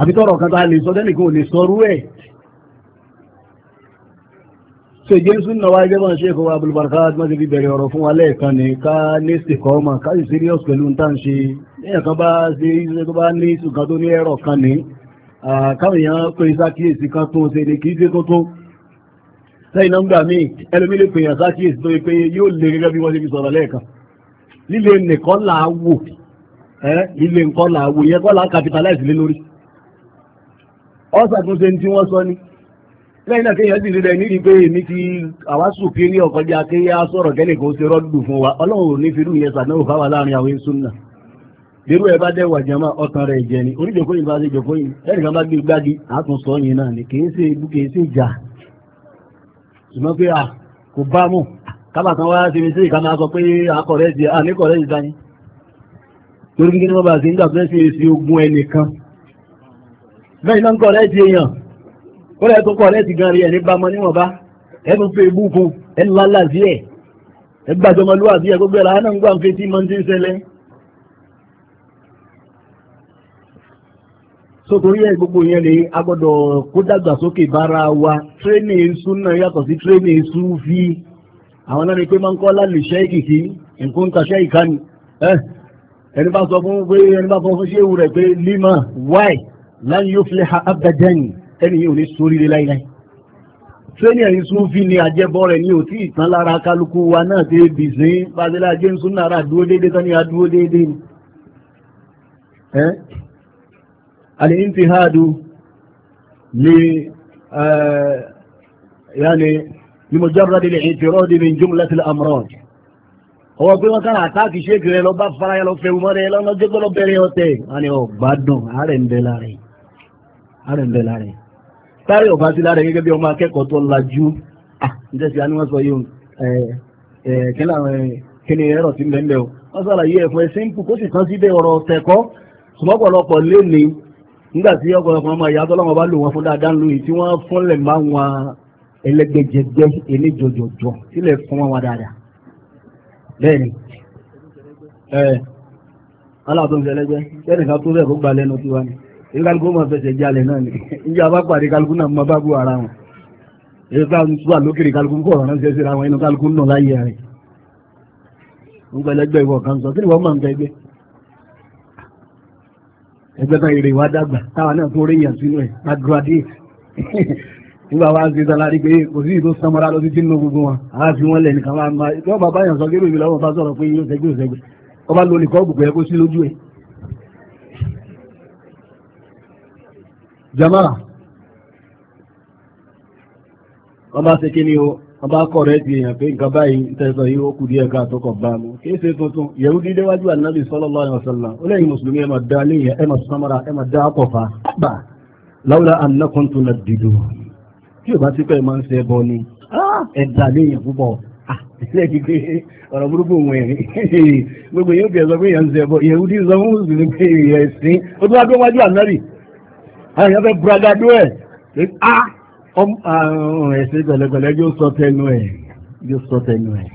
Speaker 2: àbí tọ̀rọ̀ kan ta lè sọ tẹ́nìkan ò lè sọ rú ẹ̀ so ìjẹ́ súnà wa ẹgbẹ́ bọ́n ṣe kọ́wà abúlùbárká mọ́sí fi bẹ̀rẹ̀ ọ̀rọ̀ fún wa lẹ́ẹ̀kan ní ká ní sìkọ́ ọmọ ká sì serious pẹ̀lú ń tàn ṣe èèyàn kan bá ṣe iṣẹ́ tó bá ní ṣùgbọ́n tó ní ẹ̀rọ kan ní káwọn èèyàn pé sákìyèsí kan tó ṣe ní kì í ṣe kó tó lẹ́yìn náà gbà míì ẹlòmí lè pèèyàn sákìyèsí tó pé yóò lè gẹ́gẹ́ bí wọ́n ṣe fi sọ̀rọ̀ lẹ́ẹ̀kan líle nìkan là á wò líle nìkan là á wò yẹn kọ́ là á capitalize lé lórí ọ̀sàtúnṣe ní tí wọ́n sọ ni lẹ́yìn náà kéèyàn sì rírẹ̀ nídìí pé èmi ti àwa superior ọ̀kọ́jà kéèyàn sọ̀rọ̀ kẹ́lẹ̀ kó ṣe rọ́dùn fún wa ọlọ́run ní fi irú yẹn sàdánwò fáwa láàrin àwọn èso náà irú ẹ bá dẹ́wà jẹ́mọ́ ọkàn rẹ̀ ni oníjòkóyìn bá ṣe bá gbé gbági àtúnṣọ yìí náà ni kìí ṣe ibú kìí ṣe ìjà ṣùgbọ́n pé à kò bá mọ̀ kábà kan wá ṣe mi sí ìka máa sọ pé ti à ní kọ̀rẹ́ yín torí ni wọ́n bá ṣe ń gbà ṣe ẹnìkan bẹ́ẹ̀ kọ́lẹ̀ tó kọ́ lẹ́ẹ̀tì gan rí ẹni bá mọ níwọ̀n bá ẹnu pé ebú fún ẹnu lálà sí ẹ̀ ẹgbàjọmọ lúwà sí ẹ gbogbo ẹ̀rọ aná ń gbà ń fi tí mọ́ ti ń ṣẹlẹ̀ sótorí ẹ gbogbo yẹn lè agbọ́dọ̀ kó dàgbàsókè bára wa tírénì isu náà yàtọ̀ sí tírénì isu fi àwọn náà ni pé máa ń kọ́ lálẹ́ iṣẹ́ ìkìkì nǹkan ń taṣẹ́ ìkànnì ẹni bá sọ fún pé ẹni bá sọ fún ṣéwù rẹ̀ pé lima why lan yufliha abadan ẹni yóò ní sóríire láíláí sẹ́ni ẹ̀yìn súnfí ni àjẹbọ rẹ̀ ní òtí ìtàn lára kálukú wa náà ti bì sí fàdílà james náírà dúró déédéé tán ní adúró ni ẹ́ alìntihadu ni yáni ni mo jábọ̀ délé ìtìrọ́ di ní jùmọ̀ lẹ́tìlẹ̀ amúrọ̀d ọwọ́ pé wọ́n kára àtàkì ṣéèkì rẹ̀ lọ bá fara yẹn lọ fẹ́ wọn rẹ̀ lọ́nà jẹ́gbọ́n lọ bẹ̀rẹ̀ wọn ni ọ̀gbádùn àárẹ̀ ń bẹ táyọ̀ bá sí lára gẹ́gẹ́ bí ọmọ akẹ́kọ̀ọ́ tó lajú ìjẹsì ah, àníwọ̀n sọ yóò kílà kíni ẹ̀rọ ti mẹ́mẹ́ o wọ́n sàlàyé ẹ̀fọ́ ẹ̀sìnkù kó sì kan síbẹ̀ ọ̀rọ̀ tẹ̀kọ́ ṣùgbọ́pọ̀lọpọ̀ léni nígbà tí ọ̀pọ̀lọpọ̀ ọmọ ìyá tọ́lọ́wọ́n bá lò wọn fún dáadáa lóyè tí wọ́n fúnlẹ̀ máa wọn ẹlẹ́gbẹ̀jẹgbẹ́ eléjọjọjọ sílẹ̀ fún wọn dáadáa bẹ́ẹ̀ni ẹ̀ aláàtúnṣẹlẹ́gbẹ́ bẹ́ẹ̀ni ká tó bẹ́ẹ̀ kó gbà tiwa ni ìkálukú máa fẹsẹ̀ jalè náà ni ìjà bá pàdé kálukú náà máa bá bú ara wọn èyí ká ń wà lókèrè kálukú ń kọ̀ọ̀rọ̀ ránṣẹ́ síra wọn inú kálukú ń nà láyé rẹ̀ ń pẹ̀lẹ́ ẹgbẹ́ ìwọ̀ kan sọ kí ni wọ́n máa ń gẹ ẹgbẹ́ ẹgbẹ́ kan èrè wá dàgbà táwa náà tó réyàn sínú ẹ̀ bá graduate nígbà wá sí sálárì pé kò sí ìtò samara lọ sí tí ń gbogbo wọn àá fi wọn lẹ̀ jama wọ́n bá ṣe kí ni o wọ́n bá kọ̀ rẹ̀ ti èèyàn pé nǹkan báyìí tẹ̀sán yìí ó kù díẹ̀ ká tọkọ̀ bá mu kí ṣe tuntun yẹ̀wù dídé wájú ànábì sallallahu alaihi wasallam ó lẹ́yìn mùsùlùmí ẹ̀ máa dá léyìn ẹ̀ máa sọmọ́ra ẹ̀ máa dá àkọ́fà bá láwùlá ànákùntún náà dìdò tí o bá ti pẹ́ máa ń ṣe ẹbọ ni ah, ẹ̀dà léyìn púpọ̀ ah, ilé ọ̀rọ̀ àwọn èèyàn fẹ́ buragado ẹ̀ pé á ẹ̀sìn gbẹ̀lẹ̀gbẹ̀lẹ̀ yóò sọ tẹnu ẹ̀ yóò sọ tẹnu ẹ̀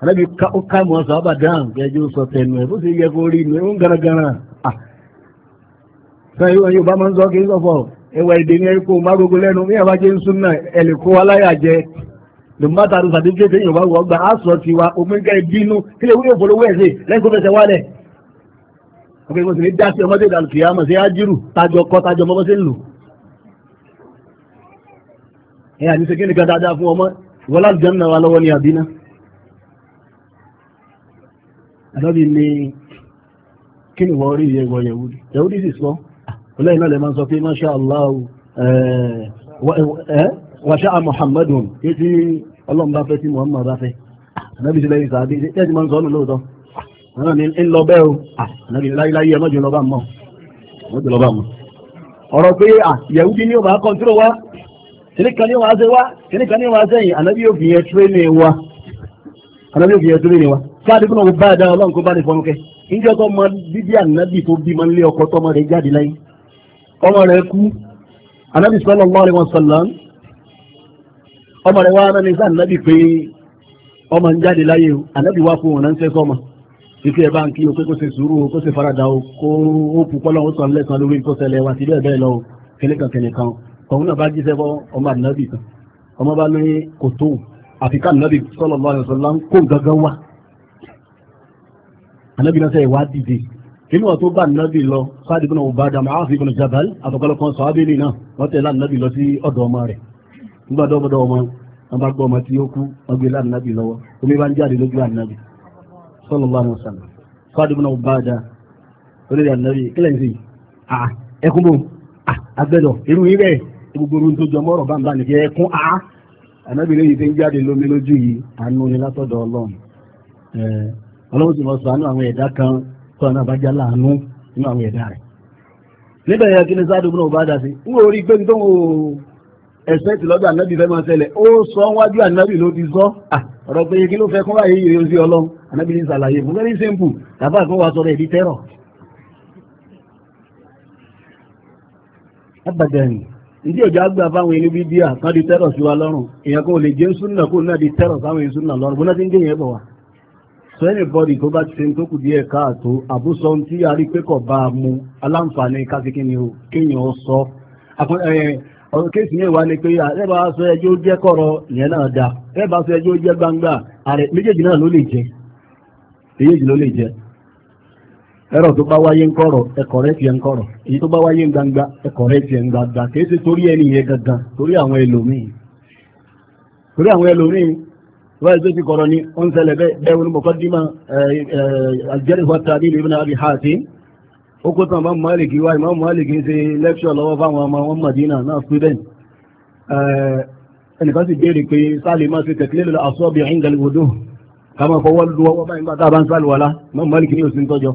Speaker 2: àlẹ́bí ó ká mọ́ ọ̀sán ọba dáhùn pé yóò sọ tẹnu ẹ̀ bó ṣe yẹ kó rí inú ẹ̀ ó ń garagara sọ yóò yóò bá máa ń sọ kí n sọ̀fọ̀ ẹwà èdè ní ẹ̀kọ́ mágógó lẹ́nu ní àbájẹ́ ń súnmọ́ ẹ̀lẹ́kọ́ aláyàjẹ́ lòmátàdùn sàdíjẹ́ tẹ̀yìn ọba wọ́gbà á sọ tiwa omi ọkùnrin mo sì ní dá sí ọmọdé ìdàlù kìí àmọ̀ sí ájírù tájọ kọ́ tájọ mọ́ bọ́ sí ń lò ẹ àti ṣe kí nìkan dáadáa fún ọmọ wọlá jẹ́nà wa lọ́wọ́ ní àbínà àdọ́bí ni kí ni wọ́n rí ìyẹ́ ìwọ̀ yẹ̀wúdí yẹ̀wúdí sì sọ ọlẹ́yìn náà lè máa sọ pé masha Allah wàṣà Muhammadun kí tí ọlọ́run bá fẹ́ Muhammad bá fẹ́ àdọ́bí sì lẹ́yìn sàádé tẹ́ẹ̀tì náà ni ń lọ bẹ́ẹ̀ o ànábì láyéláyé ẹ mọ́jọ lọ́ba mọ́ mọ́jọ lọ́ba mọ́ ọ̀rọ̀ pé yẹ̀wúdí ni ó máa kọ́ńtúrò wa kìnìkan ni ó máa ṣe wa kìnìkan ni ó máa ṣẹ̀yìn ànábì yóò fi yẹn tírénì wa ànábì yóò fi yẹn tírénì wa káàdì fún ọmọ báyà dára ọlọ́run kó bá ní fọnú kẹ́ níjẹ́ tó mọ bíbí ànábì tó bí máa lé ọkọ tọmọ rẹ̀ jáde láyé ọmọ rẹ̀ kú ànábì sallallahu alaihi wasallam ọmọ rẹ̀ wá rán ní sáà ànábì pé ọmọ ń jáde láyé ànábì wá fún òun náà ń sẹ́ sọ́mọ ìfẹ́ bá ń kí o pé kó ṣe sùúrù kó ṣe farada o kó o kú kọ́lọ́ ó sàn lẹ́sàn lórí kó ṣẹlẹ̀ wá sí bẹ́ẹ̀ bẹ́ẹ̀ lọ kẹlẹ́kan kẹlẹ́kan ọ̀hún náà bá jíṣẹ́ bọ́ ọmọ ànábì kan ọmọ bá ní kò tó àfikà ànábì sallallahu alaihi wasallam kó gangan wá ànábì náà sẹ́yìn wá dìde nínú ọ̀tún bá ànábì lọ Sa'd ibn Ubadah Mu'adh ibn Jabal àtọ̀kọ́lọ́ kan sọ ábẹ́lì náà wọ́n tẹ̀lé ànábì lọ sí ọ̀dọ̀ ọmọ rẹ̀ nígbà dọ́gbọ́dọ̀ ọmọ wọn bá gbọ́ ọmọ tí ó kú wọn gbé lánàbì lọ́wọ́ omi bá ń jáde lójú ànábì sallallahu alaihi wasallam fáàdì múná bá dá orí ànábì kílẹ̀ ń sè à ẹkún bò à agbẹ́dọ̀ irú yín bẹ́ẹ̀ gbogbo orun tó jọ mọ́rọ̀ bá ń bá nìkẹ́ ẹkún à ànábì lóyìn tó ń jáde lómi lójú yìí àánú ni látọ̀dọ̀ ọlọ́run ọlọ́run sì mọ̀ sànú àwọn ẹ̀dá kan tó ọ̀nà àbájá láàánú nínú àwọn ẹ̀dá rẹ̀ níbẹ̀ yẹn kí ni sáàdù múná bá dá sí n ò rí pé tó ń ẹ̀sẹ̀ tìlọ́dọ̀ ànábì fẹ́ máa ṣẹlẹ̀ ó sọ ọ̀rọ̀ pé kí ló fẹ́ kọ́ báyìí yìí ojú ọlọ́run anábì ní fún very simple tàbá àgbọn wa sọ̀rọ̀ èdè tẹ́rọ̀ abàdàn ìdí òjò àgbà fáwọn ilé bíbí à di tẹ́rọ̀ sí wa lọ́rùn èèyàn kò lè jẹ́ súnà kó náà di tẹ́rọ̀ sáwọn èèyàn súnà lọ́rùn bó ti ń gé yẹn bọ̀ wá sọ ẹnì tó bá ti ṣe tó kù díẹ̀ káàtó àbúsọ tí a rí pé bá ọ̀rọ̀ kéèsì yẹn wà ní pé ẹ̀bá sọ ẹjọ́ ó jẹ́ kọ̀rọ̀ yẹn náà da ẹ̀bá sọ ẹjọ́ ó jẹ́ gbangba ààrẹ méjèèjì náà ló lè jẹ méjèèjì ló lè ẹ̀rọ tó bá wáyé ń ẹ̀kọ́ rẹ̀ tiẹ̀ èyí tó bá wáyé gbangba ẹ̀kọ́ rẹ̀ tiẹ̀ gbangba kéèsì torí ẹni yẹn gangan torí àwọn ẹlòmíì torí àwọn ẹlòmíì wáyé tó ti kọ̀rọ̀ ó kó tán Imam Malik wá Imam Malik ń ṣe lẹ́kṣọ̀ lọ́wọ́ fáwọn ọmọ wọn Madina náà student ẹnìkan sì béèrè pé sáàlì máa ṣe tẹ̀kílẹ̀ lọ àṣọ́bì ẹ̀ńgàlì odò ká máa fọwọ́ lu ọwọ́ báyìí nígbà tá a bá ń sálù wàlá Imam Malik ní òsín tọ́jọ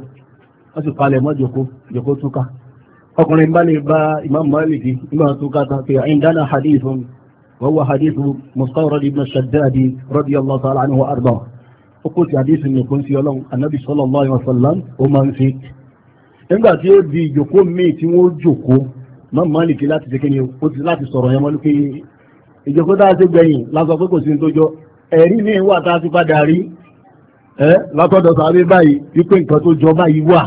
Speaker 2: wọ́n sì palẹ̀ mọ́ jòkó jòkó túká ọkùnrin bá lè bá Imam Malik nígbà túká tán pé ẹ̀ńgàlì hadith وهو حديث مستورد بن الشداد رضي الله تعالى عنه وأرضاه وقلت حديث من يكون صلى الله عليه وسلم ومن فيك nígbà tí ó di ìjòkó míì tí wọ́n jòkó máa máa nìkí láti ṣe kíni ó ti láti sọ̀rọ̀ yẹn mọ́lú pé ìjòkó tá a ṣe gbẹ̀yìn lásọ pé kò sí ní tó jọ ẹ̀rí ní ìwà tá a ti padà rí ẹ látọ̀dọ̀ sàbẹ̀ báyìí wípé nǹkan tó jọ báyìí wà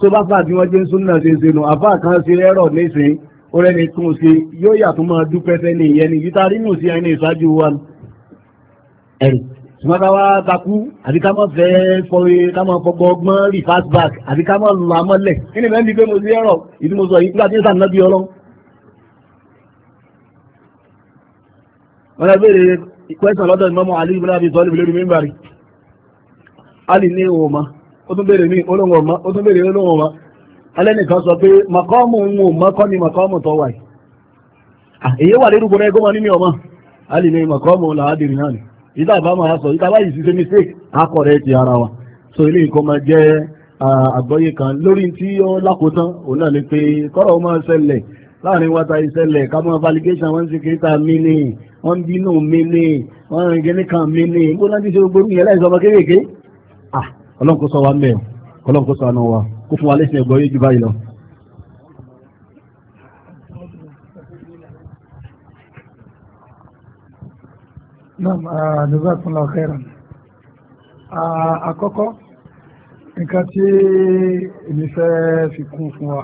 Speaker 2: tó bá fà bí wọ́n jẹ́ ń sún náà ṣe ṣe nù àfà kan ṣe ẹ̀rọ nísìn ó rẹ́ni tún ṣe yóò yàtọ̀ máa dúpẹ́ fẹ́ ní ìyẹn ní yìí tá a rí nù sí ẹni ìṣáájú wa ẹ̀rí ṣùgbọ́n ká wá takú àbí ká mọ̀ fẹ́ fọwé ká mọ̀ fọgbọ́ ọgbọ́n rí fast back àbí ká mọ̀ lọ amọ́lẹ̀ kí ni bẹ́ẹ̀ ń bi pé mo sí ẹ̀rọ ìdí mo sọ yìí nígbà tí ń sàmìnà bí ọlọ́run. wọ́n lọ béèrè question lọ́dọ̀ ní mọ́mọ́ alí ibùdó àbí sọ́ọ́lì lórí mímbàrí alì ní òun ọ̀ma ó tún béèrè mí olóhùn ọ̀ma ó tún béèrè olóhùn ọ̀ma alẹ́ sọ pé màkọ́ọ̀mù òun ò mọ́kọ́ ni màkọ́ọ̀mù tó wà ah, èyí wà lérúgbọ́n ẹgbọ́n ní mi ọ̀ma alì ní màkọ́ọ̀mù làádìrì náà ni ìdá àbámọ̀ àsọ ìdá báyìí sí ṣe mistake akọ̀rẹ́ ti ara wa so ilé nǹkan máa jẹ́ àgbọ́yé kan lórí tí ó lákòótán òun náà ni pé kọ́rọ̀ ó máa ṣẹlẹ̀ láàrin wata ìṣẹlẹ̀ ká mọ́ validation wọ́n ń ṣe kìíta mí ní wọ́n ń bínú mí ní wọ́n ń gẹ́ni kan mí ní gbogbo náà ti ṣe gbogbo yẹn láìsọ ọmọ kéékèèké ah ọlọ́run kó ṣọ́ wa mẹ́ ọlọ́run kó ṣọ́ àánú wa kó fún wa lẹ́sìn ẹ̀gbọ́n yóò báyìí lọ
Speaker 1: Naam, ah, jazakallahu khairan. Ah, àkọ́kọ́, nǹkan tí èmi fẹ́ fi kún fún wa,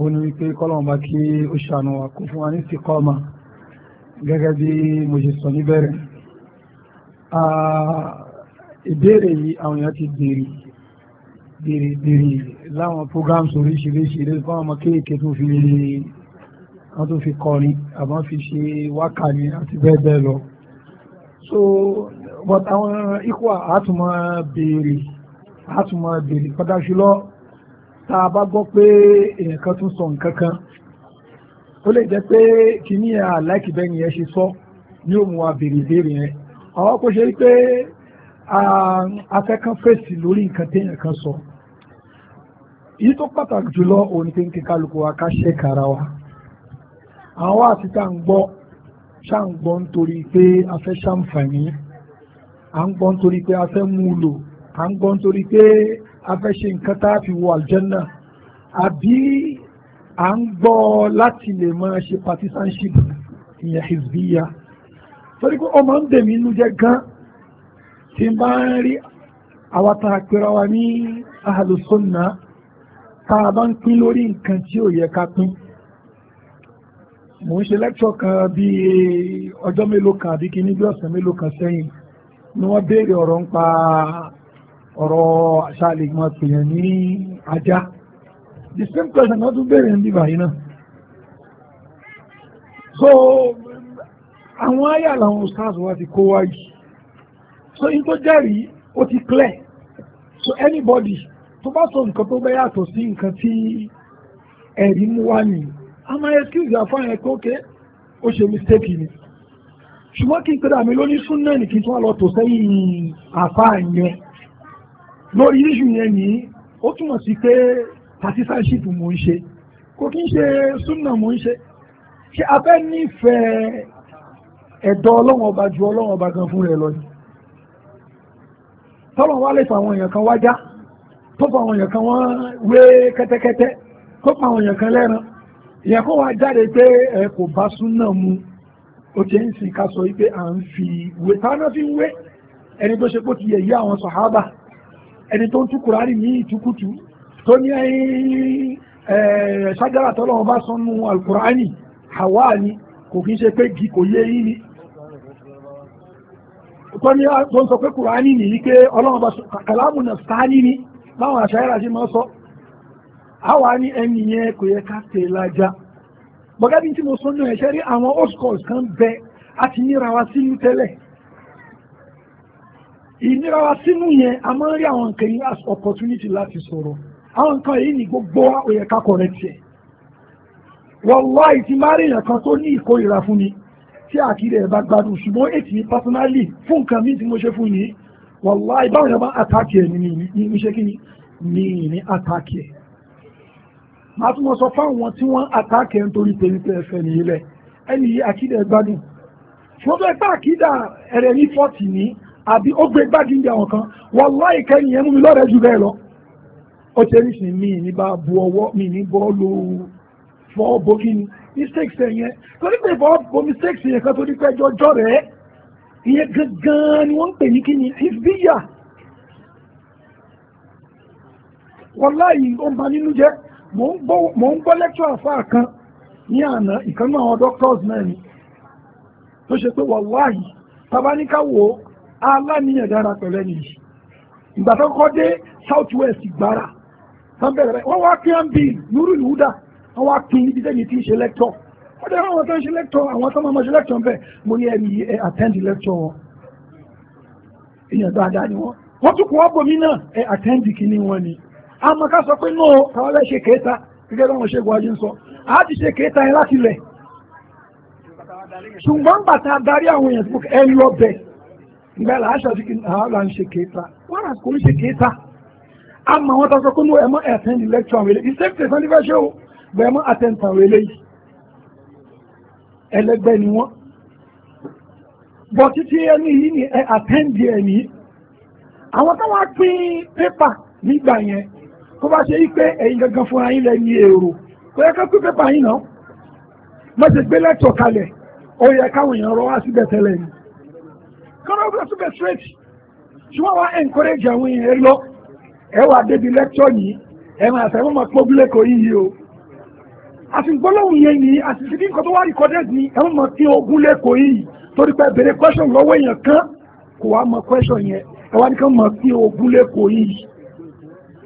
Speaker 1: ó ní wípé kọ́lọ̀wọ̀n bá kí ó ṣàánú wa kún fún wa ní istiqama gẹ́gẹ́
Speaker 2: bí mo ṣe sọ níbẹ̀rẹ̀. Ah, ìbéèrè yìí àwọn èèyàn ti béèrè, béèrè, béèrè láwọn programs oríṣiríṣi lórí fún àwọn tó fi wọ́n tún fi kọrin àbá fi ṣe wákàní
Speaker 1: àti bẹ́ẹ̀ bẹ́ẹ̀ lọ so but àwọn ikọ̀ àtúmọ̀ béèrè àtúmọ̀ béèrè padà jùlọ tá a bá gbọ́ pé èèyàn kan tún sọ nǹkan kan ó lè jẹ́ pé kìíní àláìkì bẹ́ẹ̀ yẹn ṣe sọ ní òun wa béèrè béèrè yẹn àwọn kò ṣe pé afẹ́kan fèsì lórí nǹkan téèyàn kan sọ èyí tó pàtàkì jùlọ òun ni pé kíkálukú wa ká ṣe kára wa. àwọn àti tá à ń gbọ́ ṣá ń gbọ́ nítorí pé a fẹ́ ṣàǹfààní à ń gbọ́ nítorí pé a fẹ́ mú pe lò à ń gbọ́ nítorí pé a fẹ́ ṣe nǹkan tá a fi wọ le àbí à ń gbọ́ láti lè máa ṣe partisanship ìyẹn hizbiya torí pé ọmọ ń dèmí inú jẹ́ gan tí n bá ń rí àwa tá a pera wa ní ahlu tá a bá ń pín lórí nǹkan tí ò yẹ ká pín. mo ń ṣe lẹ́kṣọ̀ kan bí ọjọ́ mélòó kan àbí kí ní bí ọ̀sẹ̀ mélòó kan sẹ́yìn ni wọ́n béèrè ọ̀rọ̀ ń pa ọ̀rọ̀ àṣà lè mọ pèèyàn ní ajá the same question wọ́n tún béèrè ní bíbá náà so àwọn àyà làwọn stars wa ti kó wáyé so in tó jẹ́rìí ó ti clear so anybody tó bá sọ nǹkan tó bẹ́ yàtọ̀ sí nǹkan tí ẹ̀rí mú wá nìyí a máa excuse àfáàyàn pé ókè ó ṣe mistake ni ṣùgbọ́n kí n pèrè àmì lóní súnà ní kí n tún wá lọ tò sẹ́yìn àfáàyàn lórí iṣu yẹn ní ó túmọ̀ sí pé partisanship mò ń ṣe kò kí n ṣe súnà mò ń ṣe ṣe abẹ́ nífẹ̀ẹ́ ẹ̀dọ́ ọlọ́wọ́n ọba ju ọlọ́wọ́n ọba gan fún rẹ̀ lọ ni tọ́lọ̀ wá lè fa àwọn èèyàn kan wájá tó fa àwọn èèyàn kan wọ́n wé kẹ́tẹ́kẹ́tẹ́ tó fa àwọn èèyàn kan lẹ́ran ìyẹn kó wá jáde pé ẹ kò bá súnà mu ó ti ń sin ká sọ wípé à ń fi wé táná fi ń wé ẹni tó ṣe pé ó ti yẹ̀yẹ́ àwọn sàhábà ẹni tó ń tú kùránì ní ìtukùtù tó ní ṣágára tọ́lọ́wọ́n bá sọnù alukùránì hawa ni kò kí ń ṣe pé gi kò yé yín ni tó ní tó ń sọ pé kùránì nìyí pé ọlọ́wọ́n bá kàlámù náà sáà ní ni báwọn àṣà yàrá ṣe máa sọ àwa ní ẹni yẹn kò yẹ ká tè lájà bọ́gá bí tí mo sọ náà ẹ̀ṣẹ́ rí àwọn oscars kan bẹ àti níra sínú tẹ́lẹ̀ ìnira sínú yẹn a máa ń rí àwọn nǹkan yìí as opportunity láti sọ̀rọ̀ àwọn nǹkan yìí ní gbogbo wa ò yẹ ká correct tiẹ̀ wallahi tí máa rí èèyàn kan tó ní ìkórìíra fún mi tí àkìrí ẹ̀ bá gbádùn ṣùgbọ́n ètì mi personally fún nǹkan mi tí mo ṣe fún yìí wallahi báwọn yẹn bá àtàkì ẹ̀ ní ní ní ṣe kí ni ní ní àtàkì ẹ̀ màá tún mọ sọ fáwọn tí wọ́n àtàkì ẹ̀ nítorí pé wípé ẹ̀fẹ́ nìyí lẹ̀ ẹni yìí àkídà ẹ̀ gbádùn ṣùgbọ́n bẹ́ẹ̀ pé àkídà ẹ̀rẹ̀ ní fọ́ọ̀tì ní àbí ó gbé gbágìndì àwọn kan wàláhì kẹ́yìn ẹ̀ mi lọ́rẹ̀ẹ́ jù bẹ́ẹ̀ lọ ó ṣe ní sìn mí ní bá bu ọwọ́ mi ní bọ́ lo fọ́ bókí ni mistakes ẹ̀ yẹn torí pé fọ́ bo mistakes yẹn kan torí pé ẹjọ́ jọ rẹ̀ ìyẹn ni wọ́n ń pè ní ó ń nínú jẹ́ mo ń gbọ́ lẹ́kṣọ́ àfáà kan ní àná ìkànnì àwọn doctors ni tó ṣe pé wàláhì tabaníkàwò aláníyàn dára pẹ̀lú ẹni yìí ìgbà dé south west gbára wọ́n wá kí án bí nuru ìwúdà wọ́n wá kí ibi tẹ́ni tí ń ṣe lẹ́kṣọ́ ó dẹ̀ àwọn tó ń ṣe lẹ́kṣọ́ àwọn tó máa ṣe bẹ́ẹ̀ mo ẹni ni wọ́n wọ́n tún kọ́ náà attend kìíní ni. àmọ́ ká sọ pé náà káwọn fẹ́ ṣe kẹta gẹ́gẹ́ bí wọ́n ṣe gbọ́ ajú ń sọ a ti ṣe kẹta yẹn láti lẹ̀ ṣùgbọ́n bàtà darí àwọn èèyàn fún ẹ lọ bẹ̀ ìgbà là á ṣàtì kí àwọn là ń ṣe kẹta wọ́n ni wọ́n bọ̀ títí ẹni yìí ni ẹ àtẹ́ǹdì ẹni àwọn táwọn pín pépà nígbà yẹn kó bá ṣe wípé ẹ̀yin gangan fúnra yín lẹ ní èrò kó yẹ ká pín pépà yín náà má ṣe gbé lẹ́tọ̀ kalẹ̀ ó yẹ káwọn èèyàn rọ síbẹ̀ tẹ́lẹ̀ ni kọ́nà ó bẹ̀ síbẹ̀ straight ṣùgbọ́n wá encourage àwọn èèyàn lọ ẹ wà débi lẹ́tọ̀ yìí ẹ máa sẹ́wọ́n máa pọ́ bílẹ̀ kò yíyí o àtìgbọ́lọ́hùn yẹn ni àtìsí bí nǹkan tó wá recorded ni ẹ máa fi ogún lẹ́kọ̀ọ́ yìí torí pé bèrè question lọ́wọ́ èèyàn kan kò wá mọ question yẹn ẹ wá ní ká máa fi ogún lẹ́kọ̀ọ́ yìí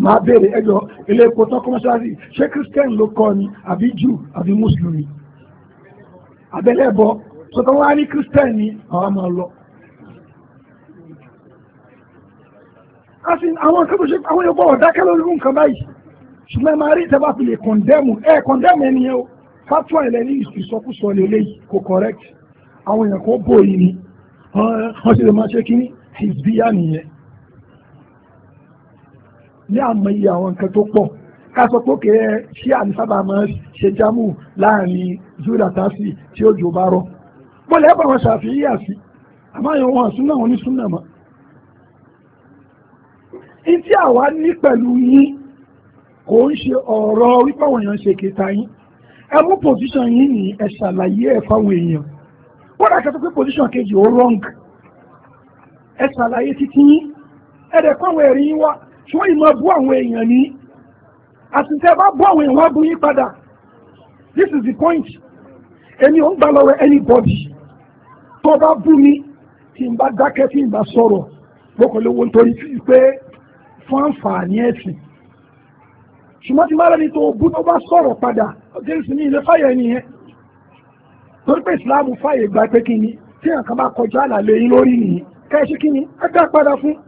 Speaker 1: máa béèrè ẹjọ́ ilé epo tó kọ́mọ́ṣáàrì ṣé christian ló kọ́ ni àbí jew àbí mùsùlùmí abẹ́lẹ́bọ sọ́kọ́ wá ní christian ni àwa máa lọ. asin àwọn nǹkan tó ṣe àwọn yóò gbọ́dọ̀ dákẹ́ lórí nǹkan báyìí ṣùgbọ́n máa rí ìtẹ́bà fi lè kọ̀ndẹ́mù ẹ̀ kọ̀ndẹ́mù ẹni yẹn o fatuwa ilẹ̀ ní ìsọkúsọ lélẹ́yìí kò correct àwọn èèyàn kò bóyí ni wọ́n ṣe lè máa ṣe kí ní hizbiya nìyẹn ní àmọye àwọn nǹkan tó pọ̀ ká sọ pé kẹ́ ṣí àmì sábà máa ṣe jámù láàrin zúrà tásì tí òjò bá rọ̀ bọ́lá ẹ̀ bá wọn ṣàfihàn sí àmáyọ̀ wọn súnà wọn ní súnà mọ́ in tí àwa ní pẹ̀lú yín kò ń ṣe ọ̀rọ̀ wípé àwọn èèyàn ṣe kẹta yín ẹ mú pòsíṣàn yín ní ẹ ṣàlàyé ẹ fáwọn èèyàn wọ́n dà pé pòsíṣàn kejì ó wrong ẹ ṣàlàyé títí yín ẹ dẹ̀ àwọn ẹ̀rí yín wá tí wọ́n yìí máa bú àwọn èèyàn ní àti tẹ́ bá bú àwọn èèyàn wá bú this is the point èmi ò ń gbà lọ́wọ́ anybody mi tí n bá dákẹ́ tí n bá sọ̀rọ̀ pé fún àǹfààní ẹ̀sìn ṣùgbọ́n ti máa rẹ̀ tó bú tó bá sọ̀rọ̀ padà ní ilé fàyè gba pé kí ni tí àǹkan kọjá àlàlé yín lórí nìyí kẹ́ ẹ ṣe kí ni ẹ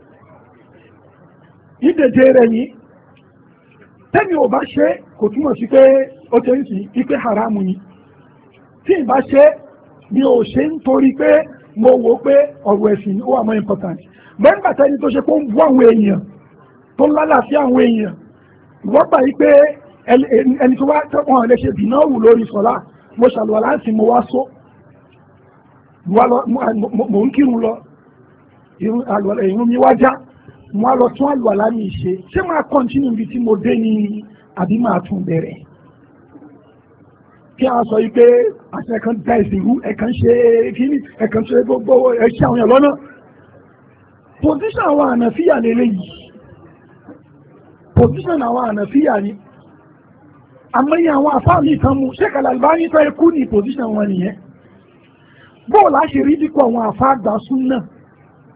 Speaker 1: ìdèjé rẹ̀ yìí tẹ́mi ò bá ṣe kò túmọ̀ sí pé ó ti ń sì ipe haramu ni tí ì bá ṣe mi ò ṣe ń torí pé mo wò ó pé ọ̀rọ̀ ẹ̀sìn ó wà mọ́ important mẹ́ńgbà tẹ́ni tó ṣe pé ó ń bú àwọn èèyàn tó lálàáfíà àwọn èèyàn wọ́n gbà yí pé ẹni tó wá tẹ́wọ̀n lè ṣe dìná wù lórí sọ́lá mo ṣàlùwà láti mo wá só mo ń kírun lọ ìrún mi wá já mo á tún àlùwàlá mi ṣe ṣé máa kọ́ntínú ibi tí mo dé ni àbí máa tún bẹ̀rẹ̀ kí a sọ yìí pé àti ẹ̀kan da ìsìnkú ẹ̀kan ṣe kíní ẹ̀kan ṣe gbogbo ẹ̀ṣẹ̀ àwọn èèyàn lọ́nà pòsíṣàn àwọn ànàfíà lélẹ́yìí pòsíṣàn àwọn ànàfíà ni àmọ́yé àwọn àfáàmì kan mú ṣé kàlàlùbá ní tó ẹkú ní pòsíṣàn wọn nìyẹn bóòlù àṣírí dípò àwọn àfáàgbà súnà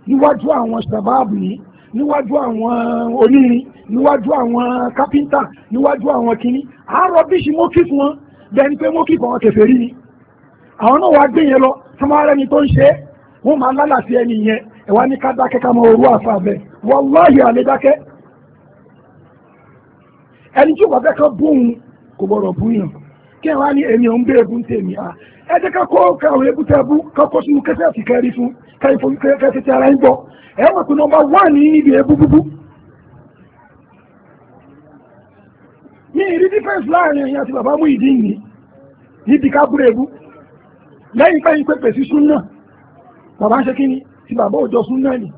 Speaker 1: níwájú àwọn sàbáàbù yìí níwájú àwọn onírin níwájú àwọn kápẹ́ńtà níwájú àwọn kínní àárọ̀ bíṣì mo kí fún wọn bẹ́ẹ̀ ni pé mo kí fún wọn kẹfẹ́ rí ni àwọn náà wá gbé yẹn lọ sọmọ́ra ẹni tó ń ṣe é wọ́n máa lálàsí ẹni yẹn ẹ̀wá ní ká dákẹ́ ká mọ orú àfa bẹ́ẹ̀ wàláhì àlè dákẹ́ ẹni tí wàá fẹ́ kán bóun kò gbọ́dọ̀ bú yàn kí ẹ̀wá ní èmi ò ń bẹ́ẹ̀ bú tèmi à ẹ jẹ́ ká kó káwọn ebútẹ́bú ká kó sínú kẹsẹ̀ àti kẹrí fún ká ìfòyíkẹ́ kẹsí ti ara ń gbọ́ ẹ mọ̀ pé nọmba wà ní níbi ẹbú búbú ní ìrí dífẹ́ǹsì láàrin ẹ̀yìn àti bàbá mú ìdí ìní níbi kábúrò ẹbú lẹ́yìn pẹ́yìn pé pèsè súnà bàbá ń ṣe kí ni ti bàbá òjò súnà ni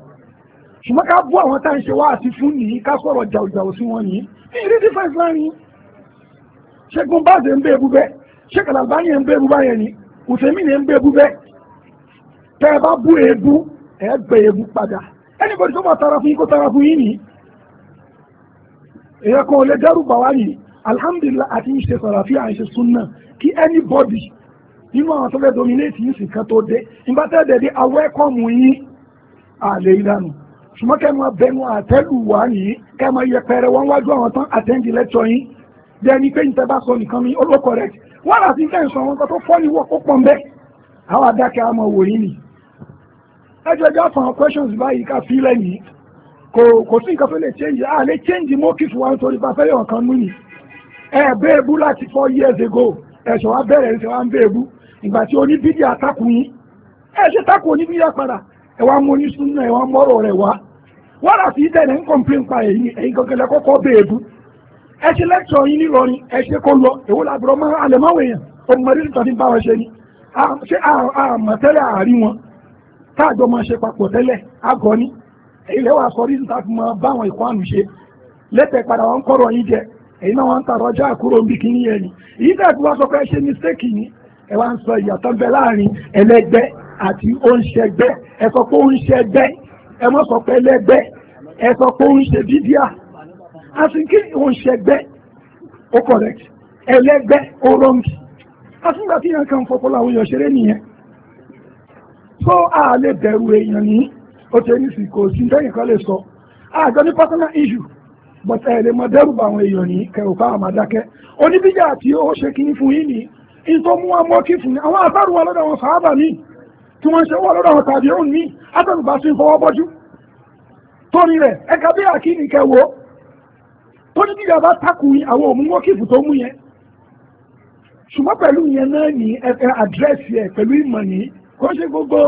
Speaker 1: ṣùgbọ́n ká bú àwọn tá à ń ṣe wá àti fún nìyí ká sọ̀rọ̀ jàùjàù sí wọn nìyí ní ìrí dífẹ́ǹsì láàrin ṣẹ́gun báàzẹ̀ ń bẹ́ ẹbú bẹ́ ṣẹ́kàlà bá yẹn ń bẹ́ ẹbú bá yẹn ni òṣèmí yẹn ń bẹ́ ẹbú bẹ́ẹ̀ tẹ́ ẹ bá bú èébú ẹ gbẹ èébú padà ẹnìbọ̀dì tó bá tara fún yín tara fún yín nìyí èèyàn lè dẹ́rù wá nìyí alhamdulillah àti ìṣe sàràfí àìṣe súnà kí ẹnìbọ̀dì nínú àwọn tó fẹ́ dominate yìí sì kan tó dé nígbà tẹ́ dẹ̀ dé awẹ́kọ̀mù yín àlè ìlànà ṣùgbọ́n kẹ́ máa bẹnu àtẹ́lù wá nìyí kẹ́ máa yẹpẹrẹ wọn wájú àwọn tán attend lecture yín dẹni pé ní sọ nìkan mi ó ló correct wọ́n àti ìfẹ́ ìṣọ̀ wọn kan tó fọ́ ní wọ́n kó pọ̀ ń bẹ́ àwọn adákẹ́ àmọ́ wòyí nìyí ẹjọ́ ẹjọ́ fún questions báyìí ká fi lẹ́yìn kò kò sí nǹkan tó lè change ah lè change one story nítorí pàfẹ́ yọ̀ kan mú ni ẹ bẹ́ẹ̀bú láti four years ago ẹ̀ṣọ́ wa bẹ̀rẹ̀ ẹ̀ṣọ́ wa ń bẹ́ẹ̀bú ìgbà tí oníbídìí àtakùn yín ẹ ṣe takò oníbídìí padà ẹ wá mú oníṣun náà ẹ wá mọ́rọ̀ rẹ̀ wá wọ́n rà sí ìdẹ̀nẹ̀ ń complain pa èyí ẹ̀yin kọ́kọ́ bẹ́ẹ̀bú ẹ ṣe yín nílọrin ẹ ṣe kó lọ èwo làbúrò alẹ́ ọmọdé tó táàjọ máa ṣe papọ̀ tẹ́lẹ̀ àgọ́ ní ilẹ̀ wa sọ rízù táfi máa bá àwọn ìkọ́ àmì ṣe lẹ́tẹ̀ padà wọn kọ́rọ̀ yín jẹ èyí náà wọn ń ọjọ́ ẹni èyí tí wọ́n sọ pé ṣe mistake ni ẹ wá ń sọ ìyàtọ̀ ń bẹ láàrin àti oúnṣẹgbẹ́ ẹ sọ pé oúnṣẹgbẹ́ ẹ sọ pé ẹ sọ pé oúnṣẹ bíbíà oúnṣẹgbẹ́ so a lè bẹ̀rù èèyàn ní ó ti ní sí kò sí lẹ́yìn kan lè sọ àjọ ní personal issue but ẹ lè mọ dẹ́rù bá àwọn èèyàn ní kẹrù fáwọn àmàdákẹ́ oníbíjà àti ó ṣe kíní fún yín ní in tó mú wọn mọ́ kí fún àwọn àtàrù wà lọ́dọ̀ àwọn sàábà míì tí wọ́n ṣe wà lọ́dọ̀ àwọn tàbí òun míì àtàrù bá sí fọwọ́ bọ́jú torí rẹ̀ ẹ̀ka bí àkíní kẹwò tó ní bíjà bá takù àwọn òmú mọ́ kí fún tó mú yẹn ṣùgbọ́n pẹ̀lú yẹn náà ní ẹ̀ka àdírẹ́sì ẹ̀ pẹ̀lú ìmọ̀ nìyí kó ṣe gbogbo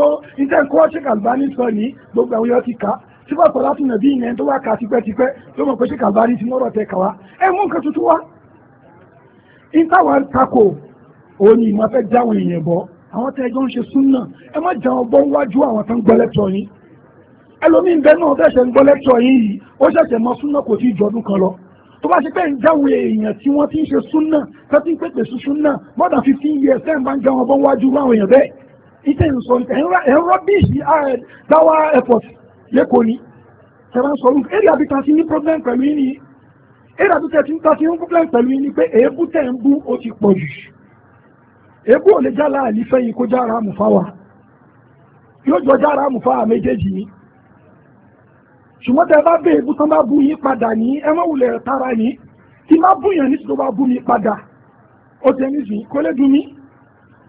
Speaker 1: ìtẹ́kọ́ ṣe kàlùbáni sọ ní gbogbo àwọn yọ ti kà tí wọ́n pọ̀lá tún nàbí ìyẹn tó wá kà tipẹ́tipẹ́ tó mọ̀ pé ṣe kàlùbáni ti mọ́rọ̀ tẹ kà wá ẹ mú nǹkan tuntun wá. ìtawà takò òun ni ìmọ̀ fẹ́ jáwọn èèyàn bọ́ àwọn tẹ́ ẹjọ́ ń ṣe súnà ẹ má jà wọn bọ́ wájú àwọn tó ń gbọ́ lẹ́tọ̀ yín ẹlòmíín bẹ́ẹ̀ náà fẹ́ ṣe ń gbọ́ lẹ́tọ̀ yín yìí ó ṣẹ̀ṣẹ̀ mọ súnà kò tí ì jọdún kan lọ tó bá ṣe pé ń jáwé èèyàn tí wọ́n ti ń ṣe súnà tó ti ń pèpè sí súnà more than fifteen years ten bá ń já wọn bọ́ wájú àwọn èèyàn bẹ́ẹ̀ ìtẹ̀ ń sọ nǹkan ẹ̀rọ bíìsì dáwà ah, airport lẹ́kọ̀ọ́ ni ẹ̀rọ ń sọ nǹkan èrè àbíta sí ní problem pẹ̀lú yín ni èrè àbíta sí ní problem pẹ̀lú yín ni pé èébú tẹ̀ ń bú ó ti pọ̀ jù èébú ò lè jálá àlífẹ́ yìí kó jára àmùfáwà yóò jọ jára àmùfáwà méjèèjì ni ṣùgbọ́n tẹ bá bèè bú tán bá bú yín padà ní ẹ má wulẹ̀ tara ní tí má bú yàn nítorí bá bú mi padà ó tẹ nísìnyí kó lè dùn mí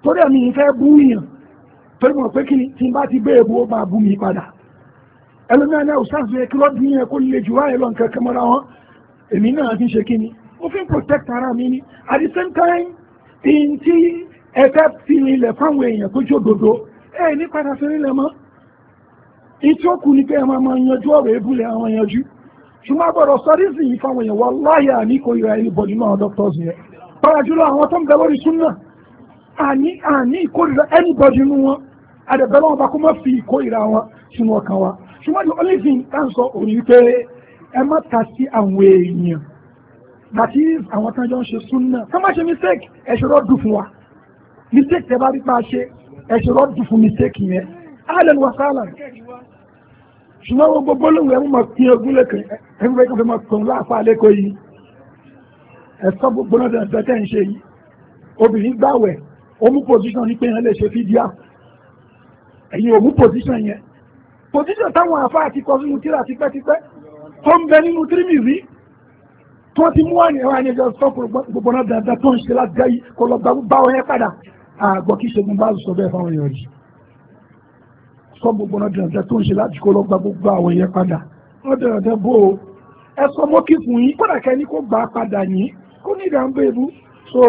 Speaker 1: torí ẹ̀mí yìí fẹ́ bú yàn torí mọ̀ pé kí ni tí n bá ti bẹ́ẹ̀ bu ó máa bú mi padà ẹlòmíràn náà ọ̀sáàsì yẹ kí lọ́dún yẹn kó lè jù wáyé lọ nǹkan kẹmọ́ra wọn èmi náà ti ṣe kí ni mo fi ń protect ara mi ni at the same time ìyìn tí ẹ fẹ́ fi ilẹ̀ fáwọn èèyàn tó jó dodo ẹ ní padà sí ilẹ̀ mọ́ ìtí ó kù ní pé ẹ máa máa yanjú ọ̀rọ̀ ebúlẹ̀ àwọn yanjú ṣùgbọ́n agbọ́dọ̀ sọ rí sìn yìí fáwọn èèyàn wọ́n láyà ní kò yọ ẹni bọ̀ nínú àwọn doctors yẹn. bára jùlọ àwọn tó ń bẹ lórí súnà àní àní ìkórìíra anybody nínú wọn àdẹ̀bẹ̀rẹ̀ wọn bá kó má fi ìkórìíra wọn sínú ọkàn wa ṣùgbọ́n the only thing tá n sọ òun ni pé ẹ má ta sí àwọn èèyàn àti àwọn tán jọ ń ṣe súnà ká má ṣe mistake ẹ ṣòro dùn fún wa mistake tẹ bá rí pa ṣe ẹ ṣòro dùn fún mistake yẹn allen wasala ṣùgbọ́n wọn gbogbo lóhùn ẹ̀ mú ma pín ogún lẹ́kàn ẹ̀ mú bẹ́ẹ̀ kí ma pọ̀ láàfáà lẹ́kọ̀ọ́ yìí ẹ̀sọ́ gbogbo náà dẹ̀ ń ṣe yìí obìnrin gbàwẹ̀ ó mú position ní pé yẹn lè ṣe fídíà ẹ̀yin ò mú position yẹn position táwọn àfa àti kọ sínú tíra tipẹ́tipẹ́ tó ń bẹ nínú tírímì rí tí wọ́n ti mú wà ní ẹ̀wọ̀n àyẹ̀jọ sọ́kùnrin gbogbo náà dáadáa tó ń ṣe láti gáyì kó lọ bá ọ yẹn padà àgbọ̀ kí ṣẹ́gun bá sọ bẹ́ẹ̀ fáwọn èèyàn yìí sọ gbogbo náà dáadáa tó ń ṣe láti kó lọ gba gbogbo àwọn yẹn padà wọ́n dáadáa bó o ẹ sọ mọ́kì fún yín kódà kẹ́ni kó gbà padà yín kó ní ìdá ń bẹ́ẹ̀ bú so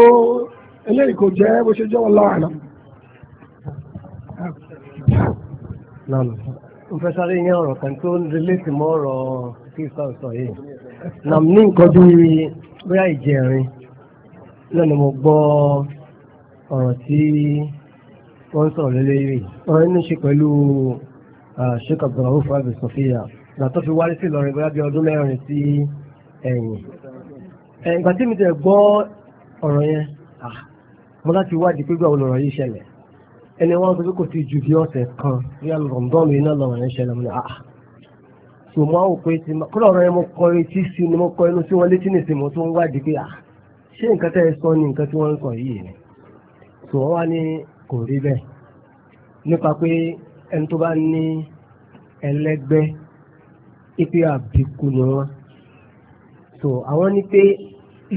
Speaker 1: eléyìí kò jẹ́ bó ṣe jẹ́ wọn láwọn àná.
Speaker 2: mo fẹ́ sáré yẹn ọ̀rọ̀ kan tó ń relate mọ́ ọ̀rọ̀ kírísítọ́ọ̀ sọ yìí nàm ní nǹkan bí bóyá ìjẹrin náà ni mo gbọ́ ọ̀rọ̀ tí wọ́n sọ̀rọ̀ lélẹ́yìí ọ̀rọ̀ ní ṣe pẹ̀lú Sheikh Abdulrahman Fabi Sofia gbàtọ́ fi wárí sí Ìlọrin bóyá bí ọdún mẹ́rin sí ẹ̀yìn ìgbà tí mi tẹ̀ gbọ́ ọ̀rọ̀ yẹn mo láti wádìí pé gbà olùrọ̀ yìí ṣẹlẹ̀ ẹni wọn sọ pé kò ti ju bí ọ̀sẹ̀ kan bí alùpùpù iná lọ́rọ̀ yẹn ṣẹlẹ̀ mo ní àà ah, ah. mo àwọn òpin ti kó lọ́rọ̀ yẹn mo kọ etí sí ni mo kọ inú sí wọn létí nìsín mo tún wádìí pé à ah, ṣé nǹkan tẹ́ ẹ sọ ni nǹkan tí wọ́n ń sọ yìí ni tó wọ́n wá ní kò rí bẹ́ẹ̀ nípa pé ẹni tó bá ní ẹlẹ́gbẹ́ ipe àbíkú ni wọ́n so àwọn ní pé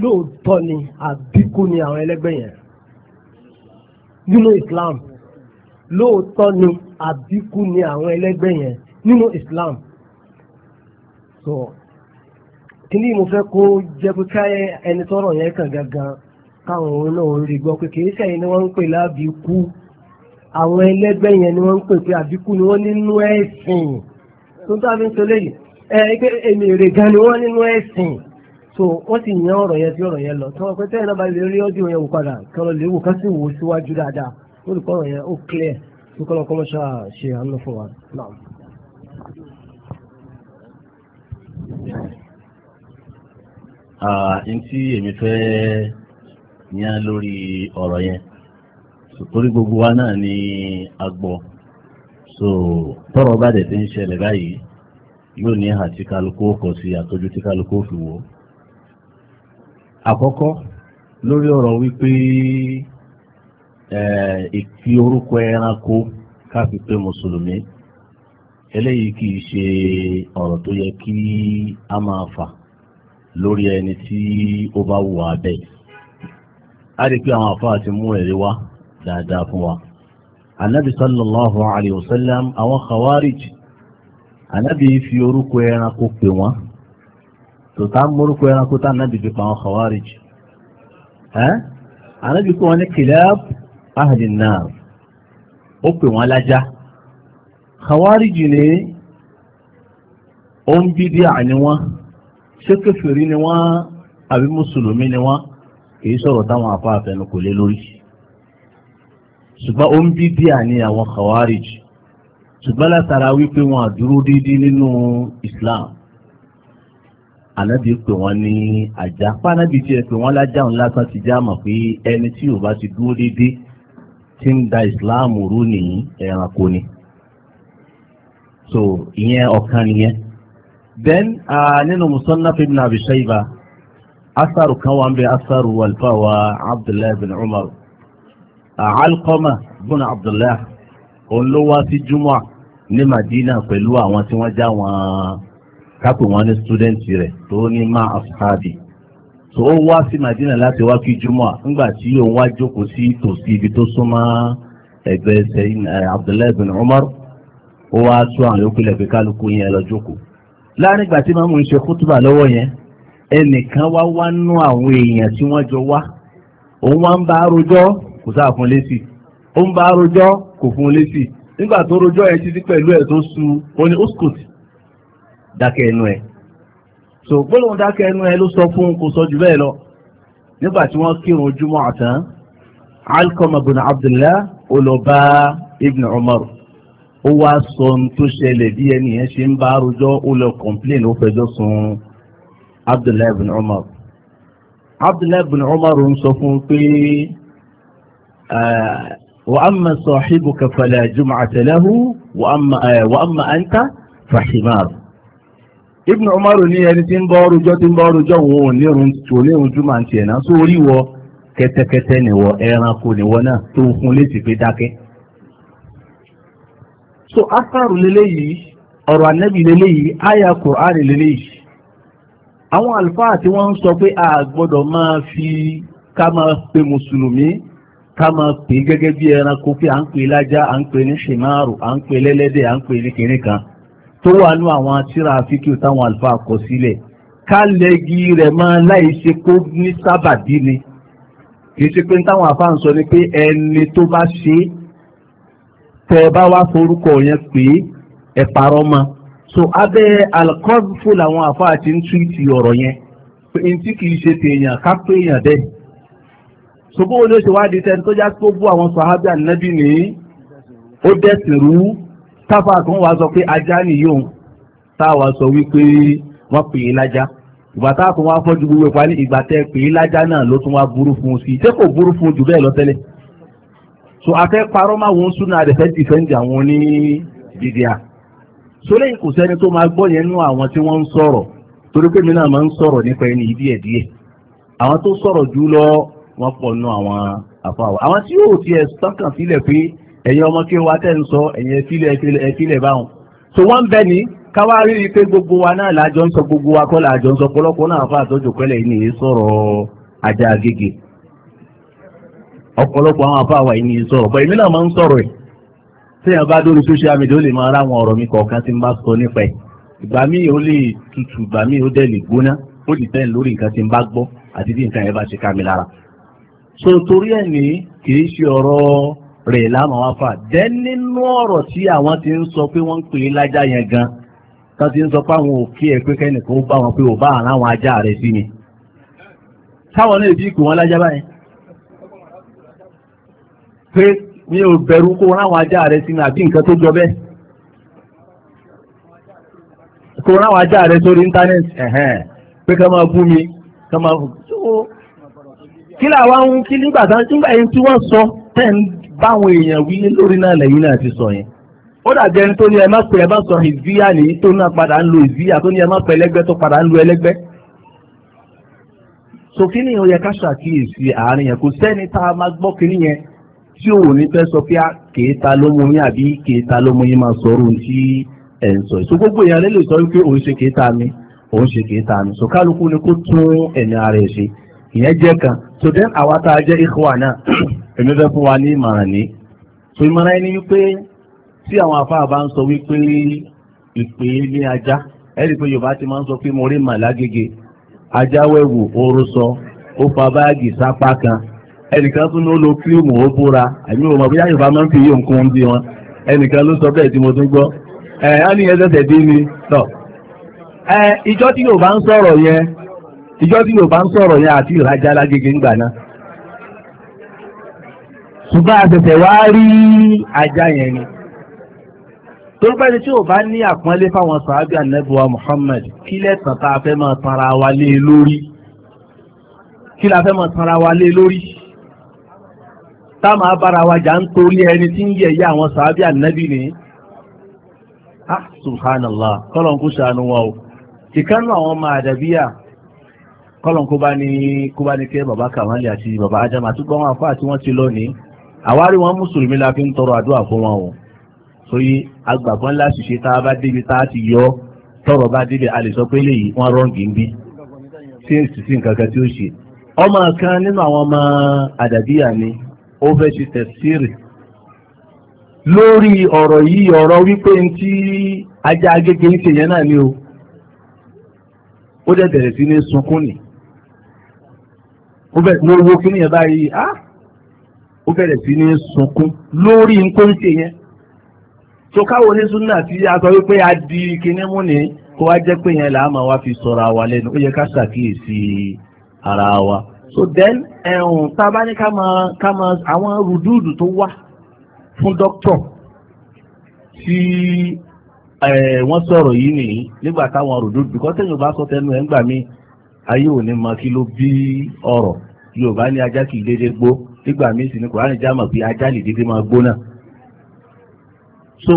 Speaker 2: lóòótọ́ ni àbíkú ni àwọn ẹlẹ́gbẹ́ yẹn nínú Islam lóòótọ́ ni àbíkú ni àwọn ẹlẹ́gbẹ́ yẹn nínú Islam so kíní mo fẹ́ kó jẹ́ pé ká ẹni tọ́rọ̀ yẹn kàn gangan káwọn òun náà rí gbọ́ pé kìí sẹ́yìn ni wọ́n ń pè lábíkú àwọn ẹlẹ́gbẹ́ yẹn ni wọ́n ń pè pé àbíkú ni wọ́n nínú ẹ̀sìn tó ń tàbí ń sọ lẹ́yìn ẹ̀ pé èmi èrè gan ni wọ́n nínú ẹ̀sìn. so wọ́n sì yan ọ̀rọ̀ yẹn sí ọ̀rọ̀ yẹn lọ tí wọ́n pẹ́ tẹ́yìn náà bá lè rí ọdún yẹn wò padà kí wọ́n lè wò ká sì wò síwájú dáadáa ó lè kọ́ ọ̀rọ̀ yẹn ó clear tó kọ́ lọ́kọ́ mọ́ṣá ṣe àánú fún wa n tí èmi fẹ́ yan lórí ọ̀rọ̀ yẹn torí gbogbo wa náà ni a gbọ́ so tọ́rọ̀ bá dẹ̀ ti ń ṣẹlẹ̀ báyìí yóò ní àti kálukú kọ̀ sí àtọ́jú tí kálukú fi wò ó. àkọ́kọ́ lórí ọ̀rọ̀ wípé eh, ìfi orúkọ ẹranko ká fi pé mùsùlùmí eléyìí kì í ṣe ọ̀rọ̀ tó yẹ kí a máa fà lórí ẹni tí ó bá wù wá bẹ́ẹ̀. a rí pé àwọn àfáà ti mú ẹ̀rí wá dáadáa fún wa. anabi sallallahu alayhi wa sallam àwọn khawarij anabi fi orúkọ ẹranko pè wọ́n. tòtá mórúkọ ẹranko tá nàbì fi pa àwọn khawarij ẹ́ ànábì kó wọn ní kìlẹ́b ahli an-nar ó pè wọn lájá khawarij ni ó ń bí díà ni wọ́n ṣé kèfèrí ni wọ́n àbí mùsùlùmí ni wọ́n kì í sọ̀rọ̀ táwọn afá àfẹnu kò lé lórí ṣùgbọ́n ó ń bí díà ni àwọn khawarij ṣùgbọ́n látara wípé wọn àdúró déédéé nínú Islam ànábì pè wọ́n ní ajá fánábì tiẹ̀ pè wọ́n lájà òun lásán ti já mọ̀ pé ẹni tí ò ti dúró déédéé ti ń da islam rú ní ẹranko ni so ìyẹn ọ̀kan nìyẹn then nínú musannaf ibn abi shayba asaru kan wà ń bẹ asaru alfa wa abdullahi bin umar alqama bin abdullahi òun ló wá sí jumua ní madina pẹ̀lú àwọn tí wọ́n já wọn. kápò wọn ní sítúdẹ̀ǹtì rẹ̀ tó ní má àfáàbì tó ó wá sí Madina láti wá kí júmọ̀ nígbà tí òun wá jókòó sí tòsí ibi tó súnmọ́ ẹgbẹ́ ẹsẹ̀ eh, Abdullahi Umar ó wá tún àwọn yòókù lẹ̀ kálukú yẹn lọ jókòó láàrin ìgbà tí màmú ṣe kútùbà lọ́wọ́ yẹn ẹnìkan wá wá nú àwọn èèyàn tí wọ́n jọ wá òun wá fún bá kò fún nígbà tó su dákẹ́ ẹnu ẹ̀ so gbólóhùn dákẹ́ ẹnu ẹ ló sọ fún kò sọ jù bẹ́ẹ̀ lọ nígbà tí wọ́n kírun júmọ́ àtàn alkoma bin abdullah olọba ibn umar ó wá sọ ohun tó ṣẹlẹ̀ bí ẹni yẹn ṣe ń bá arojọ́ ó lọ complain ó fẹjọ́ sùn abdullah ibn umar abdullah ibn umar ń sọ fún pé wa amma sahibuka fala jum'ata lahu wa amma anta fa Ibn Umaru ni ẹni tí ń bọ́ ọrùjọ́ tí ń bọ́ ọrùjọ́ òun ò ní irun ori ní kẹtẹkẹtẹ máa ń tiẹ̀ náà sórí wọ kẹ́tẹ́kẹ́tẹ́ nìwọ ẹranko nìwọ náà tó ń fún létí so leléyìí ọ̀rọ̀ anabi leléyìí aya Qur'an leléyìí àwọn àlùfáà tí wọ́n ń sọ pé a gbọ́dọ̀ máa fi ká máa pe mùsùlùmí ká máa pè gẹ́gẹ́ bí ẹranko pé à ń pè à ń pè ní tó wà nú àwọn tíra àfikì táwọn àlùfáà kọ sílẹ̀ kálẹ̀gì rẹ̀ máa láì ṣe kó ní sábàbí ni kì í ṣe pé táwọn àfáà ń sọ ni pé ẹni tó bá ṣe tẹ bá wá forúkọ yẹn pé ẹ parọ́ mọ́ so abẹ́ alikọ́fù làwọn àfáà ti ń túwìtì ọ̀rọ̀ yẹn pé n tí kì í ṣe tèèyàn ká pé èèyàn bẹ́ẹ̀ ṣùgbọ́n olóṣèwádìí tẹni tó já tó bú àwọn sàhábì ànábì nìyí ó dẹ̀sìn rú táfà kan wá sọ pé ajá nìyóhun táwa sọ wípé wọ́n pè é lájá ìgbà táà kan wá fọ́jú gbogbo ìpa ní ìgbà tẹ́ pè é lájá náà ló tún wá burú fún un sí i tẹ́ kò burú fún un jù bẹ́ẹ̀ lọ tẹ́lẹ̀ so afẹ́ parọ́ máa wọn súnà àdẹ̀fẹ́ dìfẹ́ǹdì àwọn oní dìdíà so lẹ́yìn kò sẹ́ni tó máa gbọ́ yẹn nú àwọn tí wọ́n ń sọ̀rọ̀ torí pé mi náà máa ń sọ̀rọ̀ nípa ẹni díẹ̀ díẹ̀ àwọn tó sọ̀rọ̀ jù lọ wọ́n pọ̀ nú àwọn àfọwọ́ àwọn tí yóò tiẹ̀ sọ́kàn sílẹ̀ pé ẹ̀yin ọmọ kí wa tẹ́ ń sọ ẹ̀yin ẹ̀fílẹ̀ ẹ̀fílẹ̀ báwọn. so wọ́n bẹ ní káwá rí i pé gbogbo wa náà lájọ ń sọ gbogbo wa kọ́ lájọ ń sọ pọ̀lọpọ̀ náà fà àtọ́jọ pẹ́lẹ̀ yìí nìyí sọ̀rọ̀ ajá agége ọ̀pọ̀lọpọ̀ àwọn afá wa yìí nìyí sọ̀rọ̀ bọ̀ èmi náà máa ń sọ̀rọ̀ ẹ̀ sẹ́yìn bá dórí social mi kọ̀ọ̀kan tí ń bá sọ nípa ẹ̀ ìgbà míì ó so torí ẹ̀ ní kì rẹ̀ láwọn wá fà dẹ́ nínú ọ̀rọ̀ tí àwọn ti ń sọ pé wọ́n ń pè é lájà yẹn gan tó ti ń sọ pé àwọn òkè ẹ̀ pé kẹ́nìkan ó bá wọn pé ò bá àrùn àwọn ajá rẹ sí ni táwọn náà bí kò wọ́n lájá báyìí pé mi ò bẹ̀rù kó ráwọn ajá rẹ sí ni àbí nǹkan tó jọ bẹ́ẹ̀ kó ráwọn ajá rẹ sórí íńtánẹ́ẹ̀tì pé ká máa bú mi ká máa kí làwọn ohun kí nígbà tí wọ́n sọ tẹ́ ń báwọn èèyàn wí lórí náà lẹ́yìn náà ti sọ yẹn ó dàbí ẹni tó ní ẹ má pè ẹ má sọ ìzíyà nìyí tó náà padà ń lo ìzíyà tó ní ẹ má pè ẹlẹ́gbẹ́ tó padà ń lo ẹlẹ́gbẹ́ so kí ni ó yẹ ká ṣàkíyèsí àárín yẹn kò sẹ́ni tá a máa gbọ́ kínní yẹn tí òun ní fẹ́ sọ pé kèéta ló mú yín àbí kèéta ló mú yín máa sọ̀rọ̀ ohun tí ẹ̀ ń sọ yìí so gbogbo èèyàn lè sọ wípé òun ṣe kèéta mi òun ṣe kèéta mi so kálukú ni kó tún ẹ̀mí ara ẹ̀ ṣe ìyẹn jẹ́ kan so then àwa tá a jẹ́ ikhwa náà èmi fún wa ní ìmọ̀ràn ní so ìmọ̀ràn ẹni wípé tí àwọn afáà bá ń sọ wípé ìpè ní ajá ẹ̀rí pé Yorùbá ti máa ń sọ pé mo rí màlá ajá wẹ̀wù sọ ó fa báàgì sápá kan ẹnìkan tún lo kírímù ó búra àmì òun ọ̀bí yáyọ̀ máa ń fi yí nǹkan di wọn ẹnìkan sọ bẹ́ẹ̀ tí mo tún gbọ́ ẹ̀ á ní ẹsẹ̀sẹ̀ dín tọ̀ ìjọ tí Yorùbá ń sọ̀rọ̀ yẹn ìjọ tí Yorùbá ń sọ̀rọ̀ yẹn àti ṣùgbọ́n àṣẹ̀ṣẹ̀ wá rí ajá yẹn ni tó bẹ́ni tí ò bá ní àpọ́nlé fáwọn sàábì ànẹ́bùwà Muhammad kí lẹ́tàn tá a fẹ́ máa tanra wa lé e lórí kí la fẹ́ máa tanra wa lé e lórí tá máa bára wa jà ń torí ẹni tí ń yẹ̀yẹ́ àwọn sàábì ànẹ́bì ni ah subhanallah kọ́lọ̀ ṣàánú wa o ìkánú àwọn ọmọ àdàbíyà kọ́lọ̀ bá ní kó bá ní kẹ́ bàbá kàwálì àti bàbá ajá àwárí wọn mùsùlùmí la fi ń tọrọ àdúrà fún wọn o sóyí agbàgbọ́n láti ṣe tá a bá débi tá a ti yọ tọrọ bá débi a lè sọ pé léyìí wọn rọ́ǹgì ń bí tí ń sì sí nǹkan kan tí ó ṣe ọmọ kan nínú àwọn ọmọ àdàbíyà ni ó fẹ́ ṣe tẹ̀síìrì lórí ọ̀rọ̀ yìí ọ̀rọ̀ wípé ń tí ajá agége ń ṣe yẹn náà ni o ó dẹ̀ bẹ̀rẹ̀ sí ní sunkún ni mo wo kí ni ẹ̀ báyìí ah ó bẹ̀rẹ̀ sí ní sunkún lórí nǹkan ṣe yẹn tó káwọn oníṣúná tí a sọ wípé a di kinní mú ni kó wá jẹ́ pé yẹn là á máa wá fi sọ̀rọ̀ àwa lẹ́nu ó yẹ ká ṣàkíyèsí ara wa so then ẹ̀hún tá a bá ní ká máa ká máa àwọn rùdúùdù tó wà fún dókítọ̀ tí wọ́n sọ̀rọ̀ yìí nìyí nígbà táwọn rùdúùdù kọ́ tẹ̀yìn bá sọ tẹnu ẹ̀ ń gbà mí ayé ò ní kí ló bí ọ̀rọ̀ Yorùbá ní ajá kì í dédé gbó nígbà míì sì ní kùránì jámọ̀ pé ajá lè dédé máa gbóná. so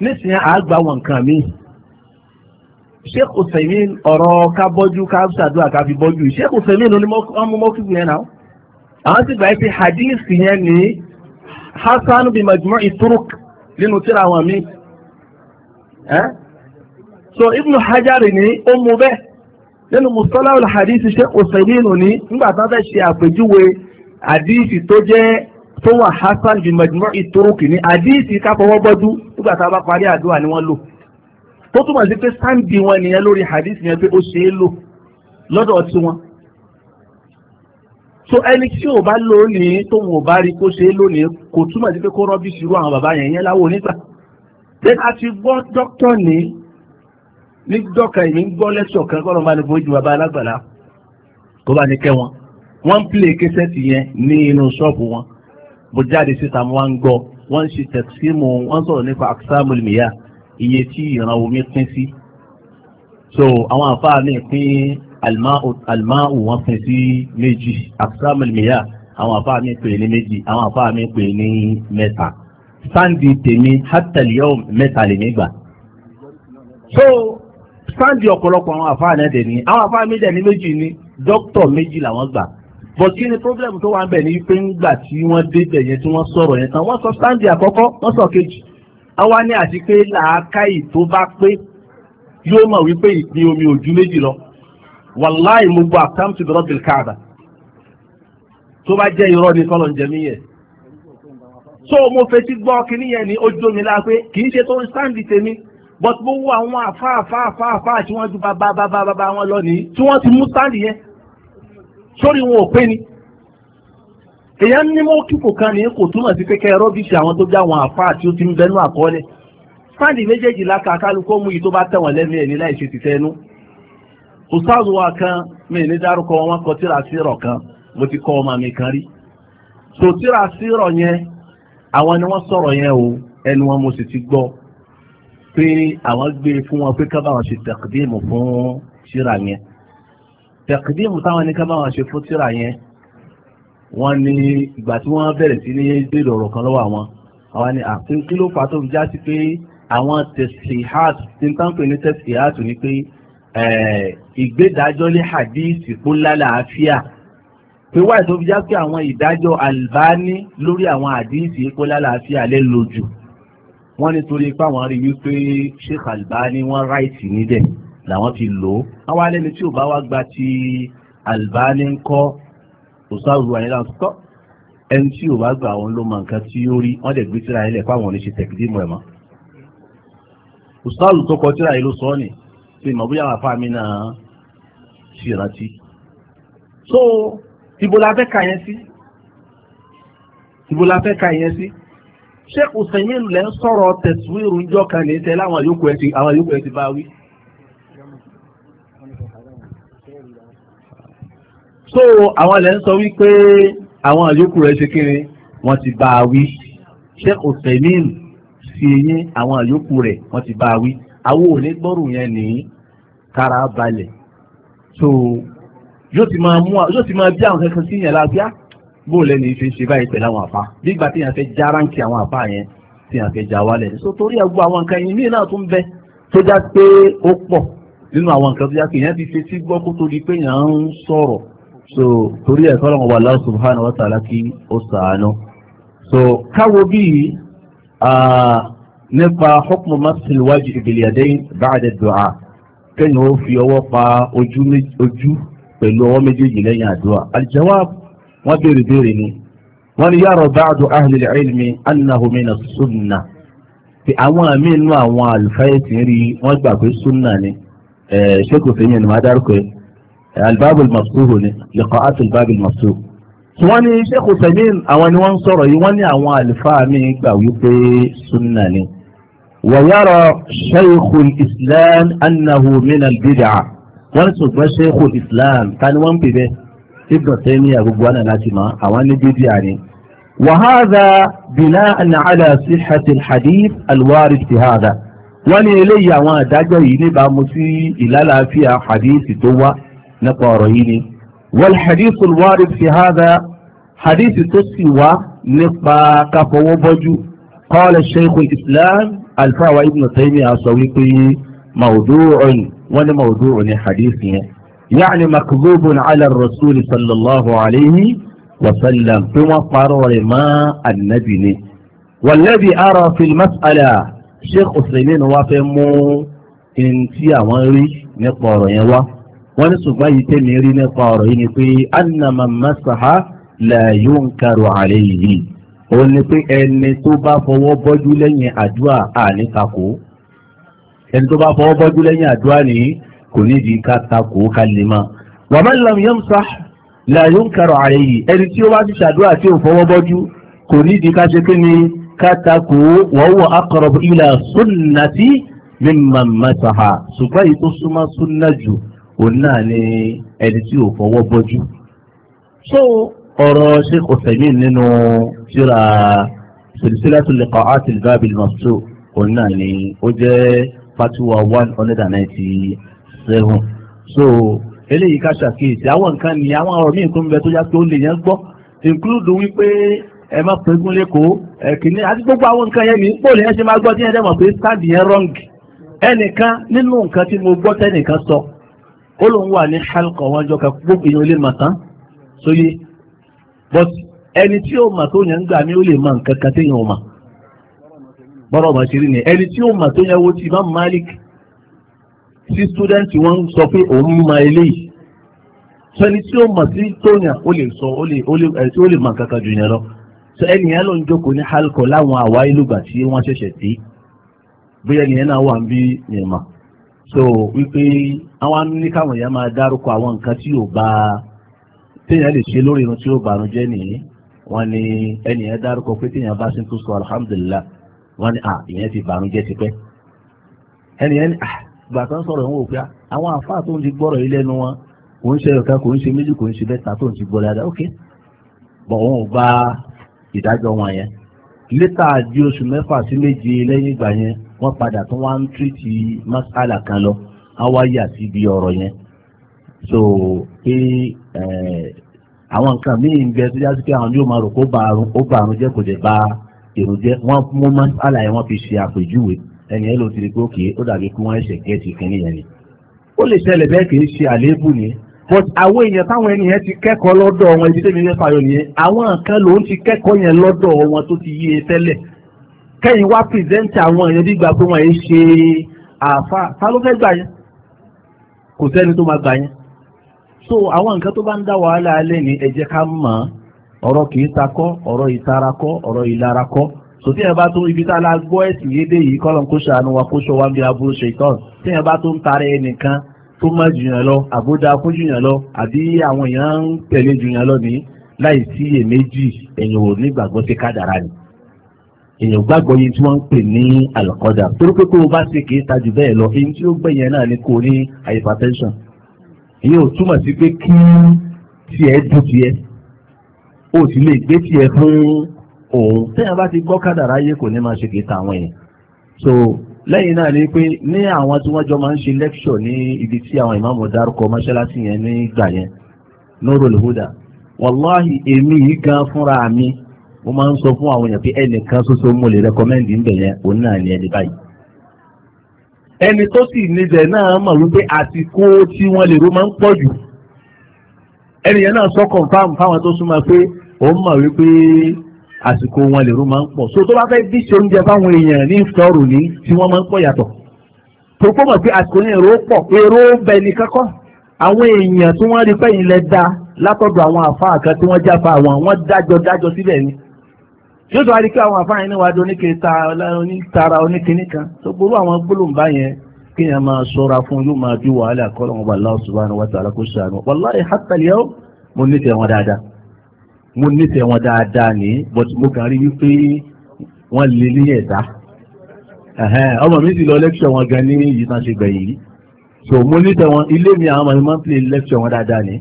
Speaker 2: nísìnyí àgbà wọn nǹkan míì sheikh Usaimin ọ̀rọ̀ ká bọ́jú ká ṣàdúrà ká fi bọ́jú sheikh Usaimin ló ní wọ́n mú mọ́kìkù yẹn náà àwọn sì gbà yìí hadith yẹn ní hasan bin majmu'i turuk nínú tíra àwọn míì so ibn hajar ni ó mú bẹ́ẹ̀ nínú mustalahul hadith sheikh Usaimin ní nígbà tó fẹ́ ṣe àpèjúwe àdíìsì tó jẹ́ tó wà hasan bin majmu'i turuki ní àdíìsì káfọwọ́gbọ́dú nígbà tá a bá parí àdúrà ni wọ́n lò tó túmọ̀ sí pé sáǹdì wọn nìyẹn lórí àdíìsì yẹn pé ó ṣe é lò lọ́dọ̀ tí wọn. so ẹni tí ò bá lónìí tó wọn ò bá rí kó ṣe é lónìí kò túmọ̀ sí pé kó rọ́bì ṣirú àwọn bàbá yẹn yẹn láwo nígbà. ṣé a ti gbọ́ dókítọ̀ ní ní dọ́kà ìmí gbọ́ lẹ́sọ̀ kan kọ́ wọ́n ń play kẹsẹ̀tì yẹn ní inú ṣọ́ọ̀bù wọn bó jáde síta wọ́n ń gbọ́ wọ́n ń ṣe tẹ̀símù wọ́n sọ̀rọ̀ nípa aksamul miya iye tí ìran omi pín sí so àwọn àfáà ní pín alma'u wọn pín sí méjì aksamul miya àwọn àfáà mi pè ní méjì àwọn àfáà mi pè ní mẹ́ta sáǹdì tèmi hátàlíọ́ mẹ́ta lè nígbà so sáǹdì ọ̀pọ̀lọpọ̀ àwọn àfáà náà dẹ̀ ní àwọn àfáà mi dẹ̀ ní méjì ní dókítọ̀ méjì làwọn gbà but kí ni problem tó wà ń bẹ̀ ni pé ńgbà tí wọ́n débẹ̀ yẹn tí wọ́n sọ̀rọ̀ yẹn tán wọ́n sọ sáǹdì àkọ́kọ́ wọ́n sọ kejì àwa ní àti pé làákàyè tó bá pé yóò mọ̀ wípé ìpín omi ojú méjì lọ wàláì mo gbọ́ àkáǹtì dọ́rọ́bìlì káàdà tó bá jẹ́ irọ́ ni kọ́lọ̀ ń jẹ mí yẹn so mo fetí gbọ́ kíní yẹn ní ojú omi la pé kì í ṣe tó sáǹdì tèmi but mo wo àwọn àfáàfáàfáàfáà tí wọ́n ba ba ba ba wọn lọ nìyí tí wọ́n ti mú sáǹdì yẹn sórí wọn ò pé ni èèyàn ní mọ́ kíkò kan ní kò túmọ̀ sí pé kẹ́ rọ́bìṣì àwọn tó já àwọn àfáà tí ó ti ń bẹnu àkọọ́lẹ̀ sáàdì méjèèjì láka kálukọ́ mú yìí tó bá tẹ̀wọ̀n lẹ́nu ẹ̀ ní láì ṣe ti tẹnu ustaazu wa kan mi ní dárúkọ wọn kọ tíra sírọ̀ kan mo ti kọ́ ọmọ mi kan rí so tíra sírọ̀ yẹn àwọn ni wọ́n sọ̀rọ̀ yẹn o ẹnu wọn mo sì ti gbọ́ pé àwọn gbé e fún wọn pé ká bá wọn ṣe tẹ̀kídéèmù fún tíra yẹn tẹ̀kídìmù táwọn ní ká bá wọn ṣe fún tíra yẹn wọ́n ní ìgbà tí wọ́n bẹ̀rẹ̀ sí ní béèrè ọ̀rọ̀ kan lọ́wọ́ àwọn àwọn ni àfin kí ló fà tó fi já sí pé àwọn tẹ̀síhàt tí n tán pè ní tẹ̀síhàt ni pé ìgbédájọ́ lé hadith kó lálàáfíà pé wáyé tó fi já sí àwọn ìdájọ́ Albani lórí àwọn hadith kó lálàáfíà lẹ́lòjù wọ́n nítorí pé àwọn rí wípé Sheikh Albani wọ́n ráìtì níbẹ̀ làwọn ti lò ó àwọn alẹ́ni tí ò bá wá gba ti Albani ń kọ́ òsáàrù àyẹ̀lá kọ́ ẹni tí ò bá gba àwọn ló mọ nǹkan tí ó rí wọ́n dẹ̀ gbé tíra ilẹ̀ fáwọn oníṣe tẹ̀kídìmọ̀ ẹ̀ mọ́ òsáàrù tó kọ tíra yìí ló sọ ọ́ nì ṣe mọ̀ bóyá àfa mi náà ṣì rántí. so ibo la fẹ́ ka yẹn sí ibo la fẹ́ ka yẹn sí ṣé òsèyìn lẹ́ ń sọ̀rọ̀ tẹ̀síwìrì ń kan ní tẹ́ láwọn yòókù ẹ ti bá so àwọn ilẹ̀ ń sọ wípé àwọn àyókù rẹ̀ ṣe kiri wọ́n ti bá a wí ṣé kò tẹ̀míìn sí eyín àwọn àyókù rẹ̀ wọ́n ti bá a wí àwọn òní gbọ́rù yẹn ní kára balẹ̀ so yóò ti máa mú yóò ti máa bí àwọn kankan sí yẹn lábíá bó lẹ́nu ìṣe ṣe báyìí pẹ̀lú àwọn àfa bí ìgbà tí yẹn fẹ́ já ráǹkì àwọn àfa yẹn tí yẹn fẹ́ já wálẹ̀ so torí àgbo àwọn nǹkan yìí míì náà tún bẹ tó já pé ó pọ̀ nínú àwọn nǹkan tó já pé yẹn ti ṣe sí gbọ́ kó tó di pé yẹn ń sọ̀rọ̀ so torí ẹ̀ kọ́ lọ́wọ́ Allah subhanahu wa ta'ala kí ó sàánú so káwo bíi nípa hukmu masil wajhi bil yadayn ba'da kẹ́yìn ó fi ọwọ́ pa ojú pẹ̀lú ọwọ́ méjèèjì lẹ́yìn àdúrà al-jawab béèrè béèrè ni wọ́n ní yàrá ba'du na ilmi annahu min as-sunnah àwọn àmì inú àwọn àlùfáà ẹ̀sìn sunna ni ṣé kò fẹ́ yẹn ni albabu masuhu ni liqa'at albabu masuhu wọ́n ní sheikh usamin àwọn ni wọ́n ń sọ̀rọ̀ yìí wọ́n ní àwọn àlùfáà mi gbà wípé sunna ni wa yara sheikhul islam annahu min albid'a wọ́n ṣùgbọ́n sheikhul islam ta ni wọ́n ń pè bẹ́ẹ̀ ibn taymiya gbogbo wọn láti mọ̀ àwọn ní bid'a ni. وهذا بناء على صحة الحديث الوارد في هذا wọ́n ní eléyìí àwọn àdájọ́ yìí níbàámu sí ìlàlàáfíà hadith tó wá nípa والحديث الوارد في هذا حديث تسي sì wá قال الشيخ الإسلام الفاوى ابن تيمية الصويقي موضوع ولموضوع موضوع يعني مكذوب على الرسول صلى الله عليه وسلم ثم قرر ما النبي والذي أرى في المسألة شيخ أسلمين وفهمه إن تيا وان ري نقرأ wọ́n ní ṣùgbọ́n yìí tẹ̀mí rí nípa ọ̀rọ̀ yìí ni pé annama masaha la yunkaru alayhi ó ní pé ẹni tó bá fọwọ́ bọ́jú lẹ́yìn àdúrà àní takò ẹni tó bá fọwọ́ bọ́jú lẹ́yìn àdúrà ní kò ní di ká takò ká lè má wa man lam yamsah la yunkaru alayhi ẹni tí ó bá ti ṣàdúrà tí ò fọwọ́ bọ́jú kò ní di ká ṣe kí ni ká takò wa huwa aqrabu ila sunnati mimman masaha ṣùgbọ́n yìí tó súnmọ́ súnná jù òun náà ni ẹni tí ò fọwọ́ bọ́jú. so ọ̀rọ̀ sheikh osemin nínú síra silsilatu liqa'at al-bab al-mabsu' òun náà ni ó jẹ́ fatiwa one hundred and ninety seven. so eléyìí ká ṣàkíyèsí àwọn nǹkan ni àwọn ọ̀rọ̀ míì kún bẹ tó yá pé ó lè yẹn gbọ́ include wípé ẹ má pẹ́gún lẹ́kọ̀ọ́ ẹ̀kíní àti gbogbo àwọn nǹkan yẹn ní pòlì yẹn ṣe máa gbọ́ tí yẹn dẹ́mọ̀ pé sáàdì yẹn wrong ẹnìkan nínú nǹkan tí mo gbọ́ tẹ́nìkan sọ ó lòun wà ní halkọ̀ wọn jọ ká gbogbo èèyàn lè mà tán sóyè but ẹni tí ó mà tó yẹn ń gbà mí ó lè mà nǹkan kan téèyàn ò mà bọ́rọ̀ mà ṣe ni ẹni tí ó mà tó yẹn wo ti Imam Malik tí student wọn ń sọ pé òun ma eléyìí sọni tí ó mọ̀ sí tóyàn ó lè sọ ó lè ó lè mọ̀ kankan jù yẹn lọ sọ ẹnìyẹn ló ń jókòó ní halkọ láwọn àwa ìlúgbà tí wọ́n ṣẹ̀ṣẹ̀ dé bóyá ẹnìyẹn náà wà ń bí yẹn mọ̀ so wípé àwọn ní káwọn èèyàn máa dárúkọ àwọn nǹkan tí yóò bá téèyàn lè ṣe lórí irun tí yóò bànú jẹ́ nìyí wọ́n ní ẹnìyàn dárúkọ pé téèyàn bá sí tó sọ alhamdulillah wọ́n ah à ìyẹn ti bànú jẹ́ tipẹ́ ẹnìyàn ní à gbà tó ń sọ̀rọ̀ ìwọ̀n òpin àwọn àfáà tó ń ti gbọ́rọ̀ yìí lẹ́nu wọn kò ń ṣe ọ̀kan kò ń ṣe méjì kò ń ṣe mẹ́ta tó ń ti gbọ́ dáadáa ok bọ̀ wọn ò bá ìdájọ́ wọn yẹn létà di oṣù mẹ́fà sí méje lẹ́yìn ìgbà yẹn wọ́n padà tún wá ń tírìtì masala kan lọ á wá yà síbi yẹn so pé àwọn nǹkan míì ń bẹ tó yá sí pé àwọn yóò máa rò kó ba àrùn ó ba àrùn jẹ́ kò dẹ̀ ba èrò jẹ́ wọ́n mú masala yẹn wọ́n fi ṣe àpèjúwe ẹni ẹ ló ti rí pé òkè ó dàbí kí wọ́n ẹ̀ṣẹ̀ gẹ́ẹ̀tì kínní yẹn ni ó lè ṣẹlẹ̀ bẹ́ẹ̀ kì í ṣe àléébù ni but àwọn èèyàn táwọn ẹni yẹn ti kẹ́kọ̀ọ́ lọ́dọ̀ wọn ibi tẹ́mi fẹ́ fàyọ nìyẹn àwọn nǹkan lòún ti kẹ́kọ̀ọ́ yẹn lọ́dọ̀ wọn tó ti yé e tẹ́lẹ̀ kẹ́yìn wá pìrìsẹ́ńtì àwọn èèyàn bí gbà pé wọ́n yé ṣe àfa ta fẹ́ gbà yẹn kò sẹ́ni tó máa gbà yẹn so àwọn nǹkan tó bá ń dá wàhálà alẹ́ ní ẹ jẹ́ ká mọ̀ ọ̀rọ̀ kì í takọ́ ọ̀rọ̀ ìtarakọ́ ọ̀rọ̀ ìlarakọ́ so tí ẹ bá tó ibi tá a la gbọ́ ẹ̀sìn yédè yìí kọ́lọ̀ kó ṣàánú wa kó ṣọ wa bí aburú ṣe tán tí ẹ bá tó ń tara ẹnìkan tó má jùyàn lọ àbúdá fún jùyàn lọ àbí àwọn èèyàn ń tẹ̀lé jùyàn lọ ní láì sí iyèméjì ẹ̀yìn ò nígbàgbọ́ sí kádàrá ni èèyàn gbàgbọ́ yìí tí wọ́n ń pè ní àlọ́kọ́dà torí pé kó o bá ṣe kìí tajù bẹ́ẹ̀ lọ èyí tí ó gbẹ̀yẹn náà ni kò ní hypertension ìyẹn ò túmọ̀ sí pé kí tiẹ̀ dùn tiẹ̀ o sì lè gbé tiẹ̀ fún òun tẹ́yìn bá ti gbọ́ kádàrá yé kò ní máa ṣe kìí ta àwọn yẹn so lẹ́yìn náà ni pé ní àwọn tí wọ́n jọ máa ń ṣe lecture ní ibi tí àwọn ìmáàmù dárúkọ mọ́ṣáláṣí yẹn nígbà yẹn Nurul Huda wàláhì èmi yìí gan fúnra mi mo máa ń sọ fún àwọn èèyàn pé ẹnìkan ṣoṣo mo lè rẹkọmẹ́ndì ń bẹ̀ yẹn òun náà ni ẹni báyìí. ẹni tó sì níbẹ̀ náà mọ̀ wípé àsìkò tí wọ́n lè ró máa ń pọ̀ jù ẹnìyẹn náà sọ kọ̀ǹfàmù fáwọn tó súnmọ́ pé òun mọ̀ wípé àsìkò wọn lè ró máa ń pọ̀ so tó bá fẹ́ bí ṣe oúnjẹ fáwọn èèyàn ní ìfọ̀rù ní tí wọ́n máa ń pọ̀ yàtọ̀ tó kọ́ mọ̀ pé àsìkò ní èrò pọ̀ èrò bẹ ní kọ́kọ́ àwọn èèyàn tí wọ́n rí pẹ́yìn lẹ da látọ̀dọ̀ àwọn àfáà kan tí wọ́n jáfa àwọn wọ́n dájọ́ dájọ́ síbẹ̀ ni yóò tó wá rí pé àwọn àfáàyàn náà wá di oníke tara oníkíní kan tó gbóró àwọn gbólóhùn bá yẹn kí ni a máa ṣọ́ra fún yóò máa bí wàhálà kọ́lọ̀ wọn bá Allah subhanahu wa ta'ala kó ṣàánú wallahi hatta al-yawm mo nífẹ̀ẹ́ wọn dáadáa mo nífẹ̀ẹ́ wọn dáadáa ní but mo kàn rí wípé wọ́n lè ní ẹ̀dá ọmọ mi sì lọ lẹ́kṣọ̀ wọn gan ní yìí náà ṣe gbẹ̀yìn yìí so mo nífẹ̀ẹ́ wọn ilé mi àwọn ọmọ mi máa ń pè lẹ́kṣọ̀ wọn dáadáa ní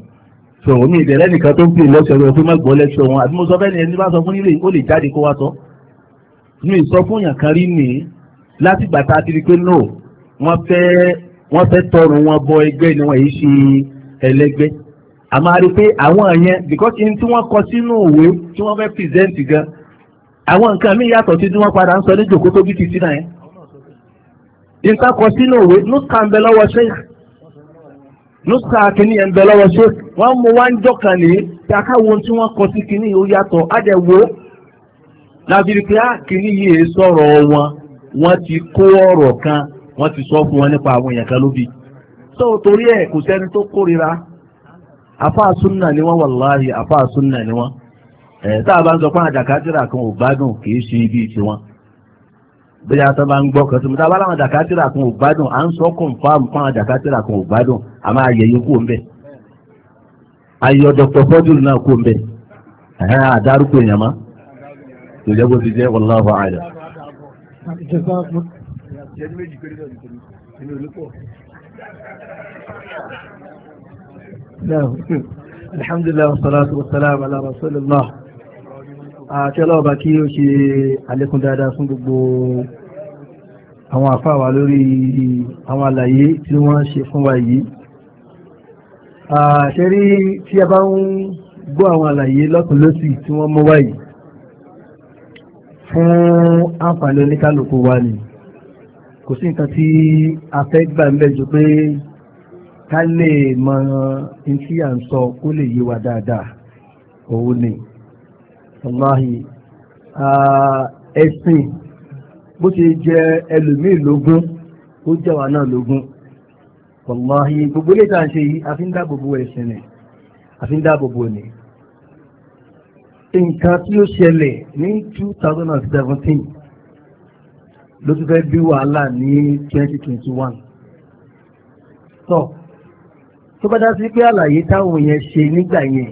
Speaker 2: so omi ìdẹ̀rẹ́ nìkan tó ń pè lẹ́sọ̀ rẹ̀ fún mẹ́gbọ́ lẹ́sọ̀ wọn àti mo sọ bẹ́ẹ̀ ni ẹni bá sọ fún nílé ó lè jáde kó wá sọ mi sọ fún yàn kan rí mi láti gbàtà ti rí pé no wọ́n fẹ́ wọ́n fẹ́ tọrùn wọn bọ ẹgbẹ́ ni wọ́n yìí ṣe ẹlẹ́gbẹ́ àmọ́ a rí pé àwọn yẹn because in tí wọ́n kọ sínú òwe tí wọ́n fẹ́ present gan àwọn nǹkan mi yàtọ̀ sí tí wọ́n padà ń sọ ní jòkó tó bí ti sí náà yẹn nǹkan kọ sínú òwe nusa kìíní ẹ̀ ń bẹ wọn ṣé wọ́n mú wọn ń jọ́kàn ní tí a káwo tí wọ́n kọ sí kìíní ó yàtọ̀ á wo lábìrì pé á ah, kìíní yìí sọ̀rọ̀ wọn wọ́n ti kó ọrọ kan wọn ti sọ fún wọn nípa àwọn èèyàn kan lóbi tó torí ẹ̀ kò sẹ́ni tó kórira afáà súnà ni wọ́n wàláhì afáà súnà ni wọ́n ẹ̀ tá a bá ń sọ fún àjàkátìrà kan ò gbádùn kì í ṣe ibi tiwọn bóyá tó bá ń gbọ́ kan tó mú tábàlà àwọn dàkátìrà kan ò gbádùn à ń sọ kọ̀ǹfàm fún àwọn dàkátìrà kan ò gbádùn a máa yẹ yín kó ń bẹ̀. ayọ̀ dr fọdùlù náà kó ń bẹ̀ ẹ̀hẹ́n àdárúkọ èèyàn má tó jẹ́ bó ti jẹ́ wallahu a'lam. alhamdulilayi wa salatu wa salam ala rasulillah àti ọlọ́ọ̀bá kí ó ṣe àlékún dáadáa fún gbogbo àwọn àfáàwà lórí àwọn àlàyé tí wọ́n ṣe fún wa yìí ṣe rí tí a bá ń gbọ́ àwọn àlàyé lọ́kùnlọ́sì tí wọ́n mú wáyìí fún àǹfààní oníkálùkù wa ni kò sí nǹkan tí a fẹ́ gbà ń bẹ̀ pé ká lè mọ ohun à ń sọ kó lè yé wa dáadáa òun ni wàláhì ah, ẹ̀sìn bó ṣe jẹ ẹlòmíì lógún ó jẹ wà náà lógún wàláhì gbogbo ilé tá à ń ṣe yìí àfi ń dáàbò bo ẹ̀sìn ni àfi ń dáàbò bo ni. nǹkan tí ó ṣẹlẹ̀ ní two thousand and seventeen ló tún fẹ́ bí wàhálà ní twenty twenty tó bá dá sí pé àlàyé táwọn yẹn ṣe nígbà yẹn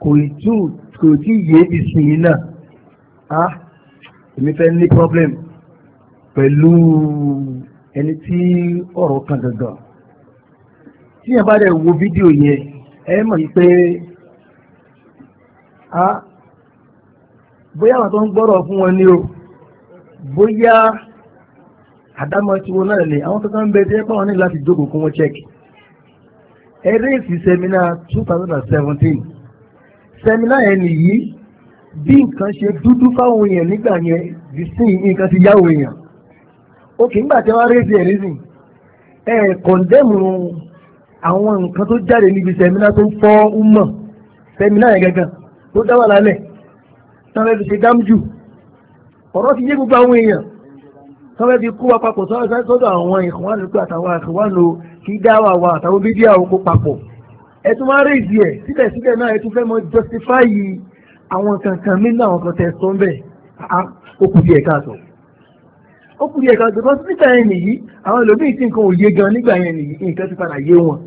Speaker 2: kò ì tún kò tí yé ìsìn náà á èmi fẹ́ ní problem pẹ̀lú ẹni tí ọ̀rọ̀ kan dandan tí yẹn bá dẹ̀ wo fídíò yẹn ẹ mọ̀ yí pé á bóyá àwọn tó ń gbọ́rọ̀ fún wọn ni o bóyá àdámọ̀ tí wọn náà lè àwọn kankan bẹ tí ẹ bá wọn ní láti jókòó kún wọn check ẹ rí èsì sẹ́mínà two thousand and seventeen sẹ́mínà yẹn nìyí bí nǹkan ṣe dúdú fáwọn èèyàn nígbà yẹn bí sí nǹkan ti yáwó èèyàn ó kì í gbà tí wọ́n rẹ́sì ẹ̀ rẹ́sì ẹ̀ kọ̀ndẹ́mù àwọn nǹkan tó jáde níbi sẹ́mínà tó fọ́ ń mọ̀ sẹ́mínà yẹn gẹ́gẹ́ tó dá wà lálẹ́ tọ́lẹ́ fi ṣe dámjù ọ̀rọ̀ ti yé gbogbo àwọn èèyàn tọ́lẹ́ fi kó wa papọ̀ sọ́dọ̀ àwọn ìkọ̀wánu pé àtàwọn àkọ̀wánu kí dáwà wa àtàwọn bídíà oko papọ̀ ẹ tún máa rèézì ẹ̀ síbẹ̀síbẹ̀ náà ẹ tún fẹ́ mọ justify àwọn kankan nínú àwọn kan tẹ sọ ń bẹ̀ ó kù díẹ̀ káàtó ó kù díẹ̀ káàtó because níta yẹn nìyí àwọn ẹlòmíì tí nǹkan ò yé gan nígbà yẹn nìyí nǹkan ti padà yé wọn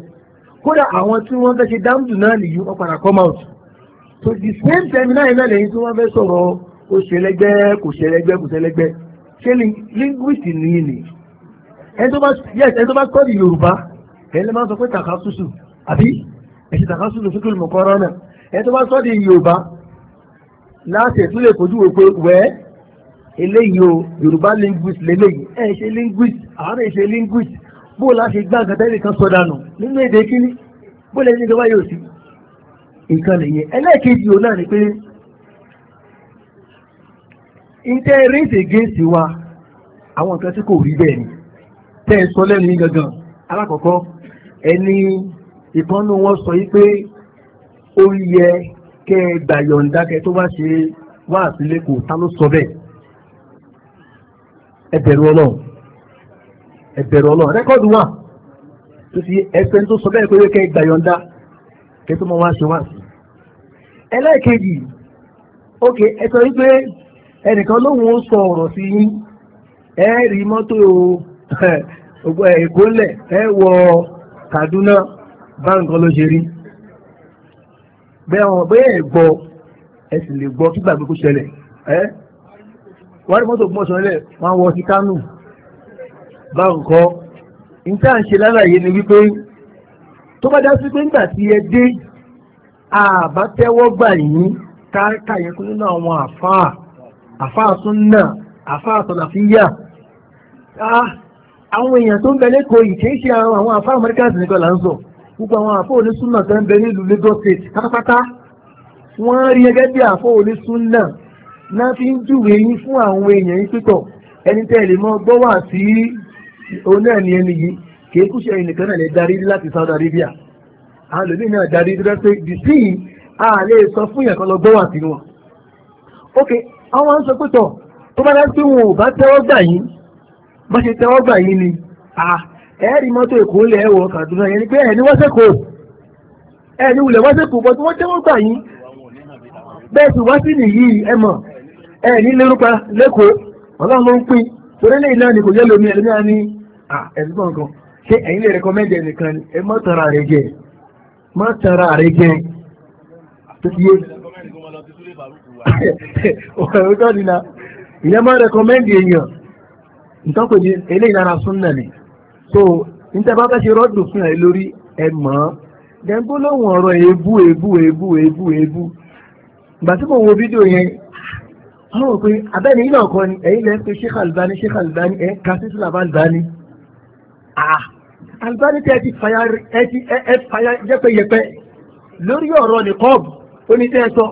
Speaker 2: kódà àwọn tí wọ́n fẹ́ ṣe dáńdù náà nìyí wọ́n padà come out so the same time náà yẹn náà lẹ́yìn tí wọ́n fẹ́ sọ̀rọ̀ ó ṣẹlẹ́gbẹ́ kò ṣẹlẹ́gbẹ́ kò ṣẹlẹ́gbẹ́ ṣé linguist nìyí nìyí ẹni tó bá kọ́ di Yorùbá ẹni lè máa sọ pé tàkà tútù àbí ẹ̀sìn takasúlù fíkìlì mọ̀kọ́rọ́ náà ẹ̀ tó bá sọ́ di yorùbá láti ẹ̀tún lè kojú wo pé eléyìí o yorùbá linguist lélẹ́yìí ẹ̀ ṣe linguist àárẹ̀ ṣe linguist bó o láti gbá nǹkan tẹ́lẹ̀ kan sọ dànù nínú èdè kínní bó lè ní ìjọba yóò sí nǹkan nìyẹn ẹlẹ́ẹ̀kejì òun náà ni pé ìtẹ́ race against wa àwọn nǹkan tí kò rí bẹ́ẹ̀ ni tẹ́ ẹ sọ lẹ́nu yín gangan alákọ̀ọ́kọ́ ẹni. E ìkànnù wọn sọ yí pé ó yẹ kẹ gbàyọ̀ǹda kẹ tó bá ṣe wá àtìlẹ́ kò ta ló sọ bẹ́ẹ̀ ẹ bẹ̀rù ọlọ́run ẹ bẹ̀rù ọlọ́run rẹ́kọ́dù wà tó fi ẹsẹ̀ tó sọ bẹ́ẹ̀ pé ó yẹ kẹ gbàyọ̀ǹda kẹ tó mọ wá ṣe wá sí ẹlẹ́ẹ̀kejì ok ẹ sọ wípé ẹnìkan lóhun ó sọ ọ̀rọ̀ sí yín ẹ rí mọ́tò ògbó ẹ̀kọ́ lẹ̀ ẹ wọ Kaduna báńkọ́ ló ṣe rí bẹ́ẹ̀ wọn bẹ́ẹ̀ gbọ́ ẹ sì lè gbọ́ kí gbàgbé kó ṣẹlẹ̀ ẹ́ wọ́n rí mọ́tò gbọ́sọ̀ lẹ̀ wọ́n wọ sí kánù báńkọ́ nǹkan à ń ṣe lálàyé ni wípé tó bá dá sí pé nígbà tí ẹ dé àbá tẹ́wọ́ gbà yín káàkà yẹn kún nínú àwọn àfáà àfáà tún náà àfáà sọ̀nà fi yà ah, àwọn èèyàn tó ń bẹ lẹ́kọ̀ọ́ yìí kì í ṣe àwọn àfáà Amẹ́ríkà nìkan là ń sọ̀rọ̀. gbogbo àwọn àfọ onísúnà tó ń bẹ nílùú Lagos state pátápátá
Speaker 1: wọ́n rí ẹgẹ́ bí àfọ onísúnà náà fi ń júwe yín fún
Speaker 2: àwọn èèyàn yín pípọ̀ ẹni tẹ́ ẹ lè mọ gbọ́ wà sí oní ẹni yìí kìí Saudi Arabia náà darí dìsí a lè sọ fún yẹn kan lọ gbọ́ wà sí wọn. ok ni ah ẹ̀ẹ́rì mọ́tò èkó lẹ̀ ẹ̀wọ̀ kàdúrà yẹn ni pé ẹ̀ẹ́ni wọ́sẹ̀kọ̀ ẹ̀ẹ́ni wulẹ̀ wọ́sẹ̀kọ̀ bọ́ tí wọ́n tẹ́wọ́ gbà yín bẹ́ẹ̀ sì wá sí nìyí ẹ mọ̀ lérúpa lẹ́kọ̀ọ́ ọlọ́run ló ń pín torí ni kò yẹ lómi ẹ̀lómi àní ẹ̀sùn kọ̀ọ̀kan ṣé ẹ̀yin lè rẹkọmẹ́ndì ni ẹ má tara rẹ jẹ má tara rẹ jẹ ìyẹn má èèyàn eléyìí lára so níta bá bá ṣe rọ́dù fún ẹ lórí ẹ mọ̀ ọ́ dẹ́gbó lóhùn ọ̀rọ̀ èébú èébú èébú èébú èébú ìgbà tí mo wo fídíò yẹn wọ́n rò pé abẹ́ni yìí náà kọ́ ni ẹ̀yin lẹ́ ń pe Sheikh Albani Sheikh Albani ẹ̀ kásísì làbá Albani ah Albani tẹ́ ẹ ti fàyà ẹ ti ẹ fàyà yẹpẹyẹpẹ lórí ọ̀rọ̀ nìkọ́ọ̀bù oníṣẹ́ sọ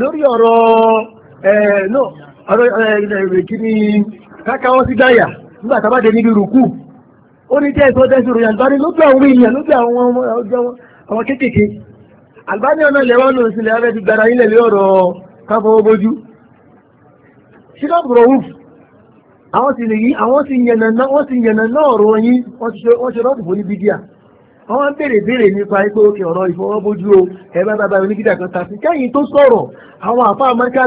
Speaker 2: lórí ọ̀rọ̀ ẹ̀ náà ọ̀rọ̀ ẹ̀ kí ni kákáwọ́ sí dáyà nígbà tá a bá dé níbi rùkú ó ní jẹ́ ìsọdẹ́
Speaker 1: sí ròyìn àgbáni lójú àwọn èèyàn lójú àwọn ọmọ kéékèèké àgbáni ọ̀nà ilẹ̀ wọn lòun sílẹ̀ abẹ́ ti gbara ilẹ̀ lé ọ̀rọ̀ káfọwọ́ bójú ṣíkàpù
Speaker 2: rọ̀wùf àwọn sì lè yí àwọn sì yànnà náà wọ́n sì yànnà náà ọ̀rọ̀ yín wọ́n ṣe rọ́ọ̀bù fún níbi díà wọ́n béèrè béèrè nípa ipò òkè ọ̀rọ̀ ìfọwọ́bójú o ẹ̀rọ bàbá onígídà kan tàbí kẹ́yìn tó sọ̀rọ̀ àwọn àfa amẹ́ríkà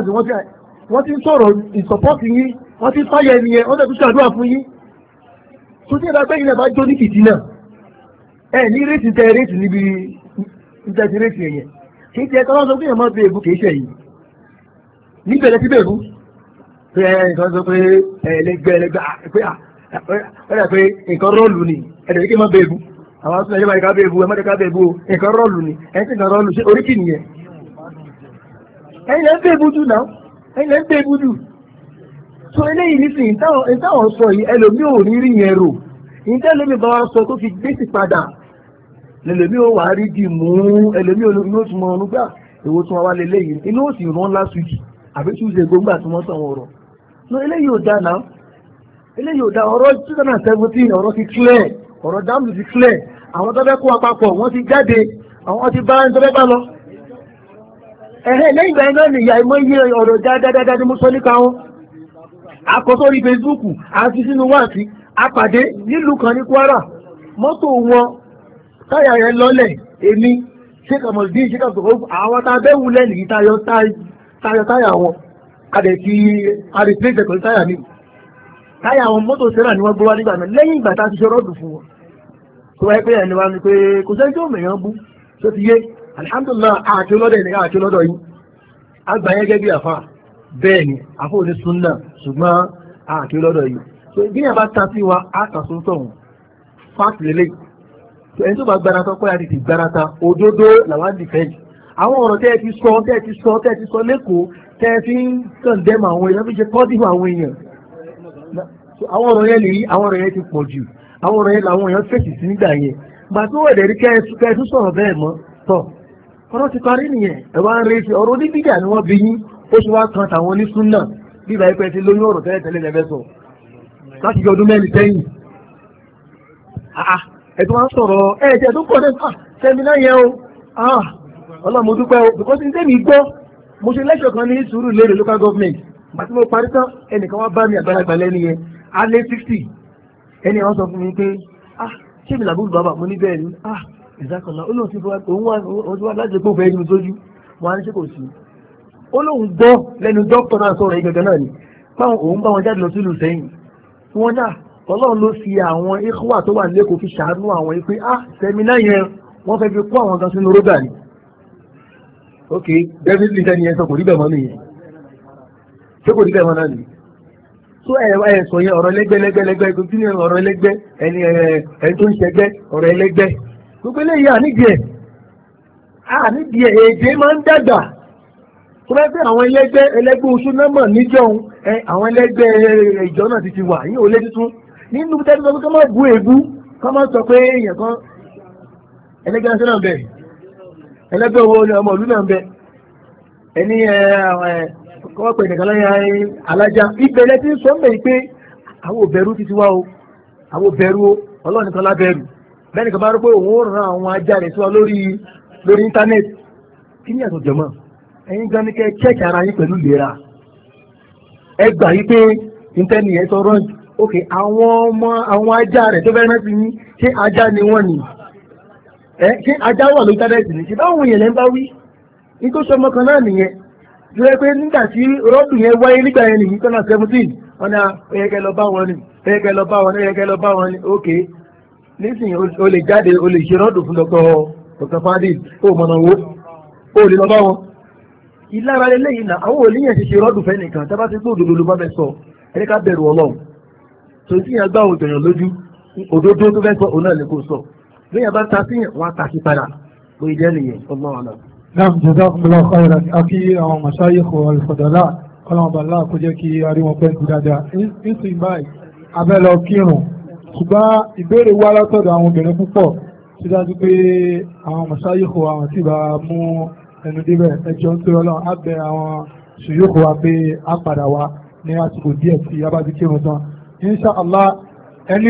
Speaker 2: wọ́n ti ń sọ̀rọ̀ ìsọ̀pọ̀tì yín wọ́n ti ń fáyẹ̀ ẹni yẹn wọ́n tẹ̀ tún ṣàdúrà fún yín kò sí ìdá pẹ́yìn náà bá jó ní kìtì náà ẹ ní rétí tẹ rétí níbi níta rétí ẹ̀yẹ kì í ṣe ẹ̀ka lọ́sọ pé máa bẹ èbú kì í ṣe níbẹ̀rẹ̀ ti bẹ̀rù pé ẹ nǹkan sọ pé ẹlẹgbẹ́ ẹlẹgbẹ́ pé ẹ dà pé nǹkan rọ́ọ̀lù ni ẹ̀dẹ̀ kí n máa bẹ èbú àwọn asúnà ìjọba ìka bẹ èbú ẹ mọ́tẹ́ká bẹ èbú nǹkan rọ́ọ̀lù ni ẹ̀ ń nǹkan rọ́ọ̀lù ṣe nìyẹn ẹ̀yin lẹ́ ń bẹ èbú dù náà ẹ̀yin lẹ́ ń bẹ èbú dù
Speaker 1: tó eléyìí nísìnyí táwọn sọ yìí ẹlòmíì ò rí rí yẹn rò bá sọ tó
Speaker 2: fi sí padà lẹ́lòmí ò wá rí di mú ẹlòmí olómi yóò tún mọ gbà èwo wá inú rán àbí gbóngbà tí wọ́n sọ̀rọ̀ eléyìí ò da náà eléyìí ò da ọ̀rọ̀ two thousand and seventeen ọ̀rọ̀ ti ọ̀rọ̀ dáàmù ti àwọn tó fẹ́ kó lọ. ẹ̀hẹ́ lẹ́yìn akọ́sórí Facebook àti sínú wáàsí apàdé nílùú kan ní Kwara mọ́tò wọn táyà yẹn lọ́lẹ̀ èmi sheikh amaldin sheikh abdulkof àwọn tá a bẹ́ wulẹ̀ nìyí tayọ táyà wọn adẹ̀ ti àrètírẹ́sẹ̀ pẹ̀lú táyà mi táyà àwọn mọ́tò sẹ́rà ni wọ́n gbé wá nígbà náà lẹ́yìn ìgbà tá a ti ṣe rọ́ọ̀dù fún wọn tó wáyé pé ẹni wa ni pé kò sẹ́ni tó mẹ̀yàn bú tó ti yé alihamdulilayi àti ọlọ́dọ̀ ẹ̀nìkan àti ọlọ́dọ̀ yìí àgbà yẹn gẹ́gẹ́ bí àfáà bẹ́ẹ̀ ni àfọwọ́ ní súnà ṣùgbọ́n àti lọ́dọ̀ yìí so ìgbìyànjú bá ta sí wa á kà sún sọ̀hún fáàtì lélẹ̀ so ẹni tó bá gbára tán pẹ́lá tètè gbára ta òdodo làwọn dìfẹ́ yìí àwọn ọ̀rọ̀ tẹ́ ẹ ti sọ tẹ́ ẹ ti sọ tẹ́ ẹ ti sọ lẹ́kọ̀ọ́ tẹ́ ẹ fi ń kàn dẹ́mu àwọn èèyàn fi ṣe tọ́jú àwọn èèyàn àwọn ọ̀rọ̀ yẹn lèyí àwọn ọ̀rọ̀ yẹn ti pọ̀ jù àwọn ọ̀rọ̀ yẹn làwọn èèyàn fèsì sí nígbà yẹn gbà tó wẹ̀ dẹ̀rí kẹ́ẹ̀tún sọ̀rọ̀ bẹ́ẹ̀ mọ́ tọ̀ ọ̀rọ̀ ti parí nìyẹn ẹ̀ wá ń retí ọ̀rọ̀ oníbìdà ni wọ́n bí yín ó ṣe wá kan tàwọn onísúnnà bí ìgbà ìpẹ́ ti lóyún ọ̀rọ̀ tẹ́lẹ̀ tẹ́lẹ̀ lẹ́fẹ́ sọ láti jọ ọdún mẹ́rin sẹ́yìn ẹ̀tọ́ wá ń sọ̀rọ̀ ẹ̀jẹ̀ tó pọ̀ náà sẹ́mínà yẹn o ọlọ́mọ dúpẹ́ o because ní tẹ́mi gbọ́ mo ṣe lẹ́sọ̀ kan ní sùúrù lérè local government bàtí mo parí tán ẹnìkan wá bá mi àgbàlagbà lẹ́nu yẹn alẹ́ sixty ẹni àwọn sọ fún mi pé ah ṣé mi làbúrò bàbá mo ní bẹ́ẹ̀ ni ah ìzákanná ó lóun ti fọwọ́ òun wá láti pé òun fẹ́ẹ́ ní mi sójú wọn á ní ṣe kò sí ó lóun gbọ́ lẹ́nu dókítà náà sọ̀rọ̀ yìí gangan náà ni báwọn òun bá wọn jáde lọ sílùú sẹ́yìn wọn náà ah, ọlọ́run ló fi àwọn ikhwa tó wà lẹ́kọ̀ọ́ fi ṣàánú àwọn yìí pé ah sẹ́mínà yẹn wọ́n fẹ́ fi kó àwọn kan sínú rógà ni ok definitely sẹ́ni yẹn sọ kò rí bẹ́ẹ̀ mọ́ nìyẹn ṣé kò rí bẹ́ẹ̀ mọ́ náà nìyẹn tó ẹ ẹ sọ yẹn ọ̀rọ̀ lẹ́gbẹ́lẹ́gbẹ́lẹ́gbẹ́ kò tún yẹn ọ̀rọ̀ ẹlẹ́gbẹ́ ẹni ẹni tó ń ṣẹgbẹ́ tó bá pé àwọn ẹlẹgbẹ́ ẹlẹgbẹ́ oṣù náà mọ̀ níjọ́un ẹ àwọn ẹlẹgbẹ́ ìjọ náà ti ti wà yín ò tuntun nínú tẹ́tí sọ pé máa bu èébú kọ́ máa sọ pé èèyàn kan ẹlẹgbẹ́ ẹsẹ̀ náà bẹ̀ ẹlẹgbẹ́ owó ọmọ ìlú náà bẹ̀ ẹni kọ́ pé nìkan lẹ́yìn alájà sọ mẹ́ pé àwọn òbẹ̀rù ti ti wá o àwọn òbẹ̀rù lábẹ́rù ẹ̀yin gan ni kẹ́ ẹ chẹ́kì ara yín pẹ̀lú ìlera ẹ gbà yí pé ntẹ́ni ẹ sọ̀rọ̀ ok àwọn ọmọ àwọn ajá rẹ̀ tó fẹ́ràn sí yín ṣé ajá ni wọ́n ni ẹ ṣé ajá wà lórí tádẹ́sì ni ṣé báwọn èèyàn lẹ́ ń bá wí nítorí sọmọ kan náà nìyẹn ló yẹ pé nígbà tí rọ́ọ̀dù yẹn wáyé nígbà yẹn nìyí tọ́nà seventeen wọn náà ah, ó yẹ kẹ́ lọ bá wọn ni ó yẹ kẹ́ lọ bá wọn ni ó yẹ kẹ́ lọ bá wọn ni ok nísìnyí o lè jáde o lè ṣe rọ́ọ̀dù fún dr dr fadil ó mọ̀nà owó ó lè lọ bá wọn ìlara eléyìí náà àwọn òlíyàn ṣe ṣe rọ́dù fẹ́ nìkan tá bá ti gbọ́ òdodo ló bá fẹ́ sọ ẹni ká bẹ̀rù ọlọ́run tó ti yàn gbá òjò yàn lójú òdodo tó fẹ́ sọ òun náà lè kó sọ lóyìn bá ta síyàn wọn ta sí padà bó ìjẹ́ nìyẹn ọgbọ́n ọ̀la. náà jọ̀dá
Speaker 1: ọ̀pọ̀lọpọ̀ ọ̀rọ̀ àti àwọn màṣáyé kò ọ̀lùfọ̀dọ̀lá ọlọ́mọba aláà kó jẹ́ kí ariwo pẹ́ kú dáadáa nísìnyí báyìí
Speaker 2: ẹnu débẹ̀ ẹjọ́ ń tó lọ́lọ́ abẹ àwọn ṣùyókò wa pé a padà wá ní àsìkò
Speaker 1: díẹ̀ tí a bá ti kírun tán ẹni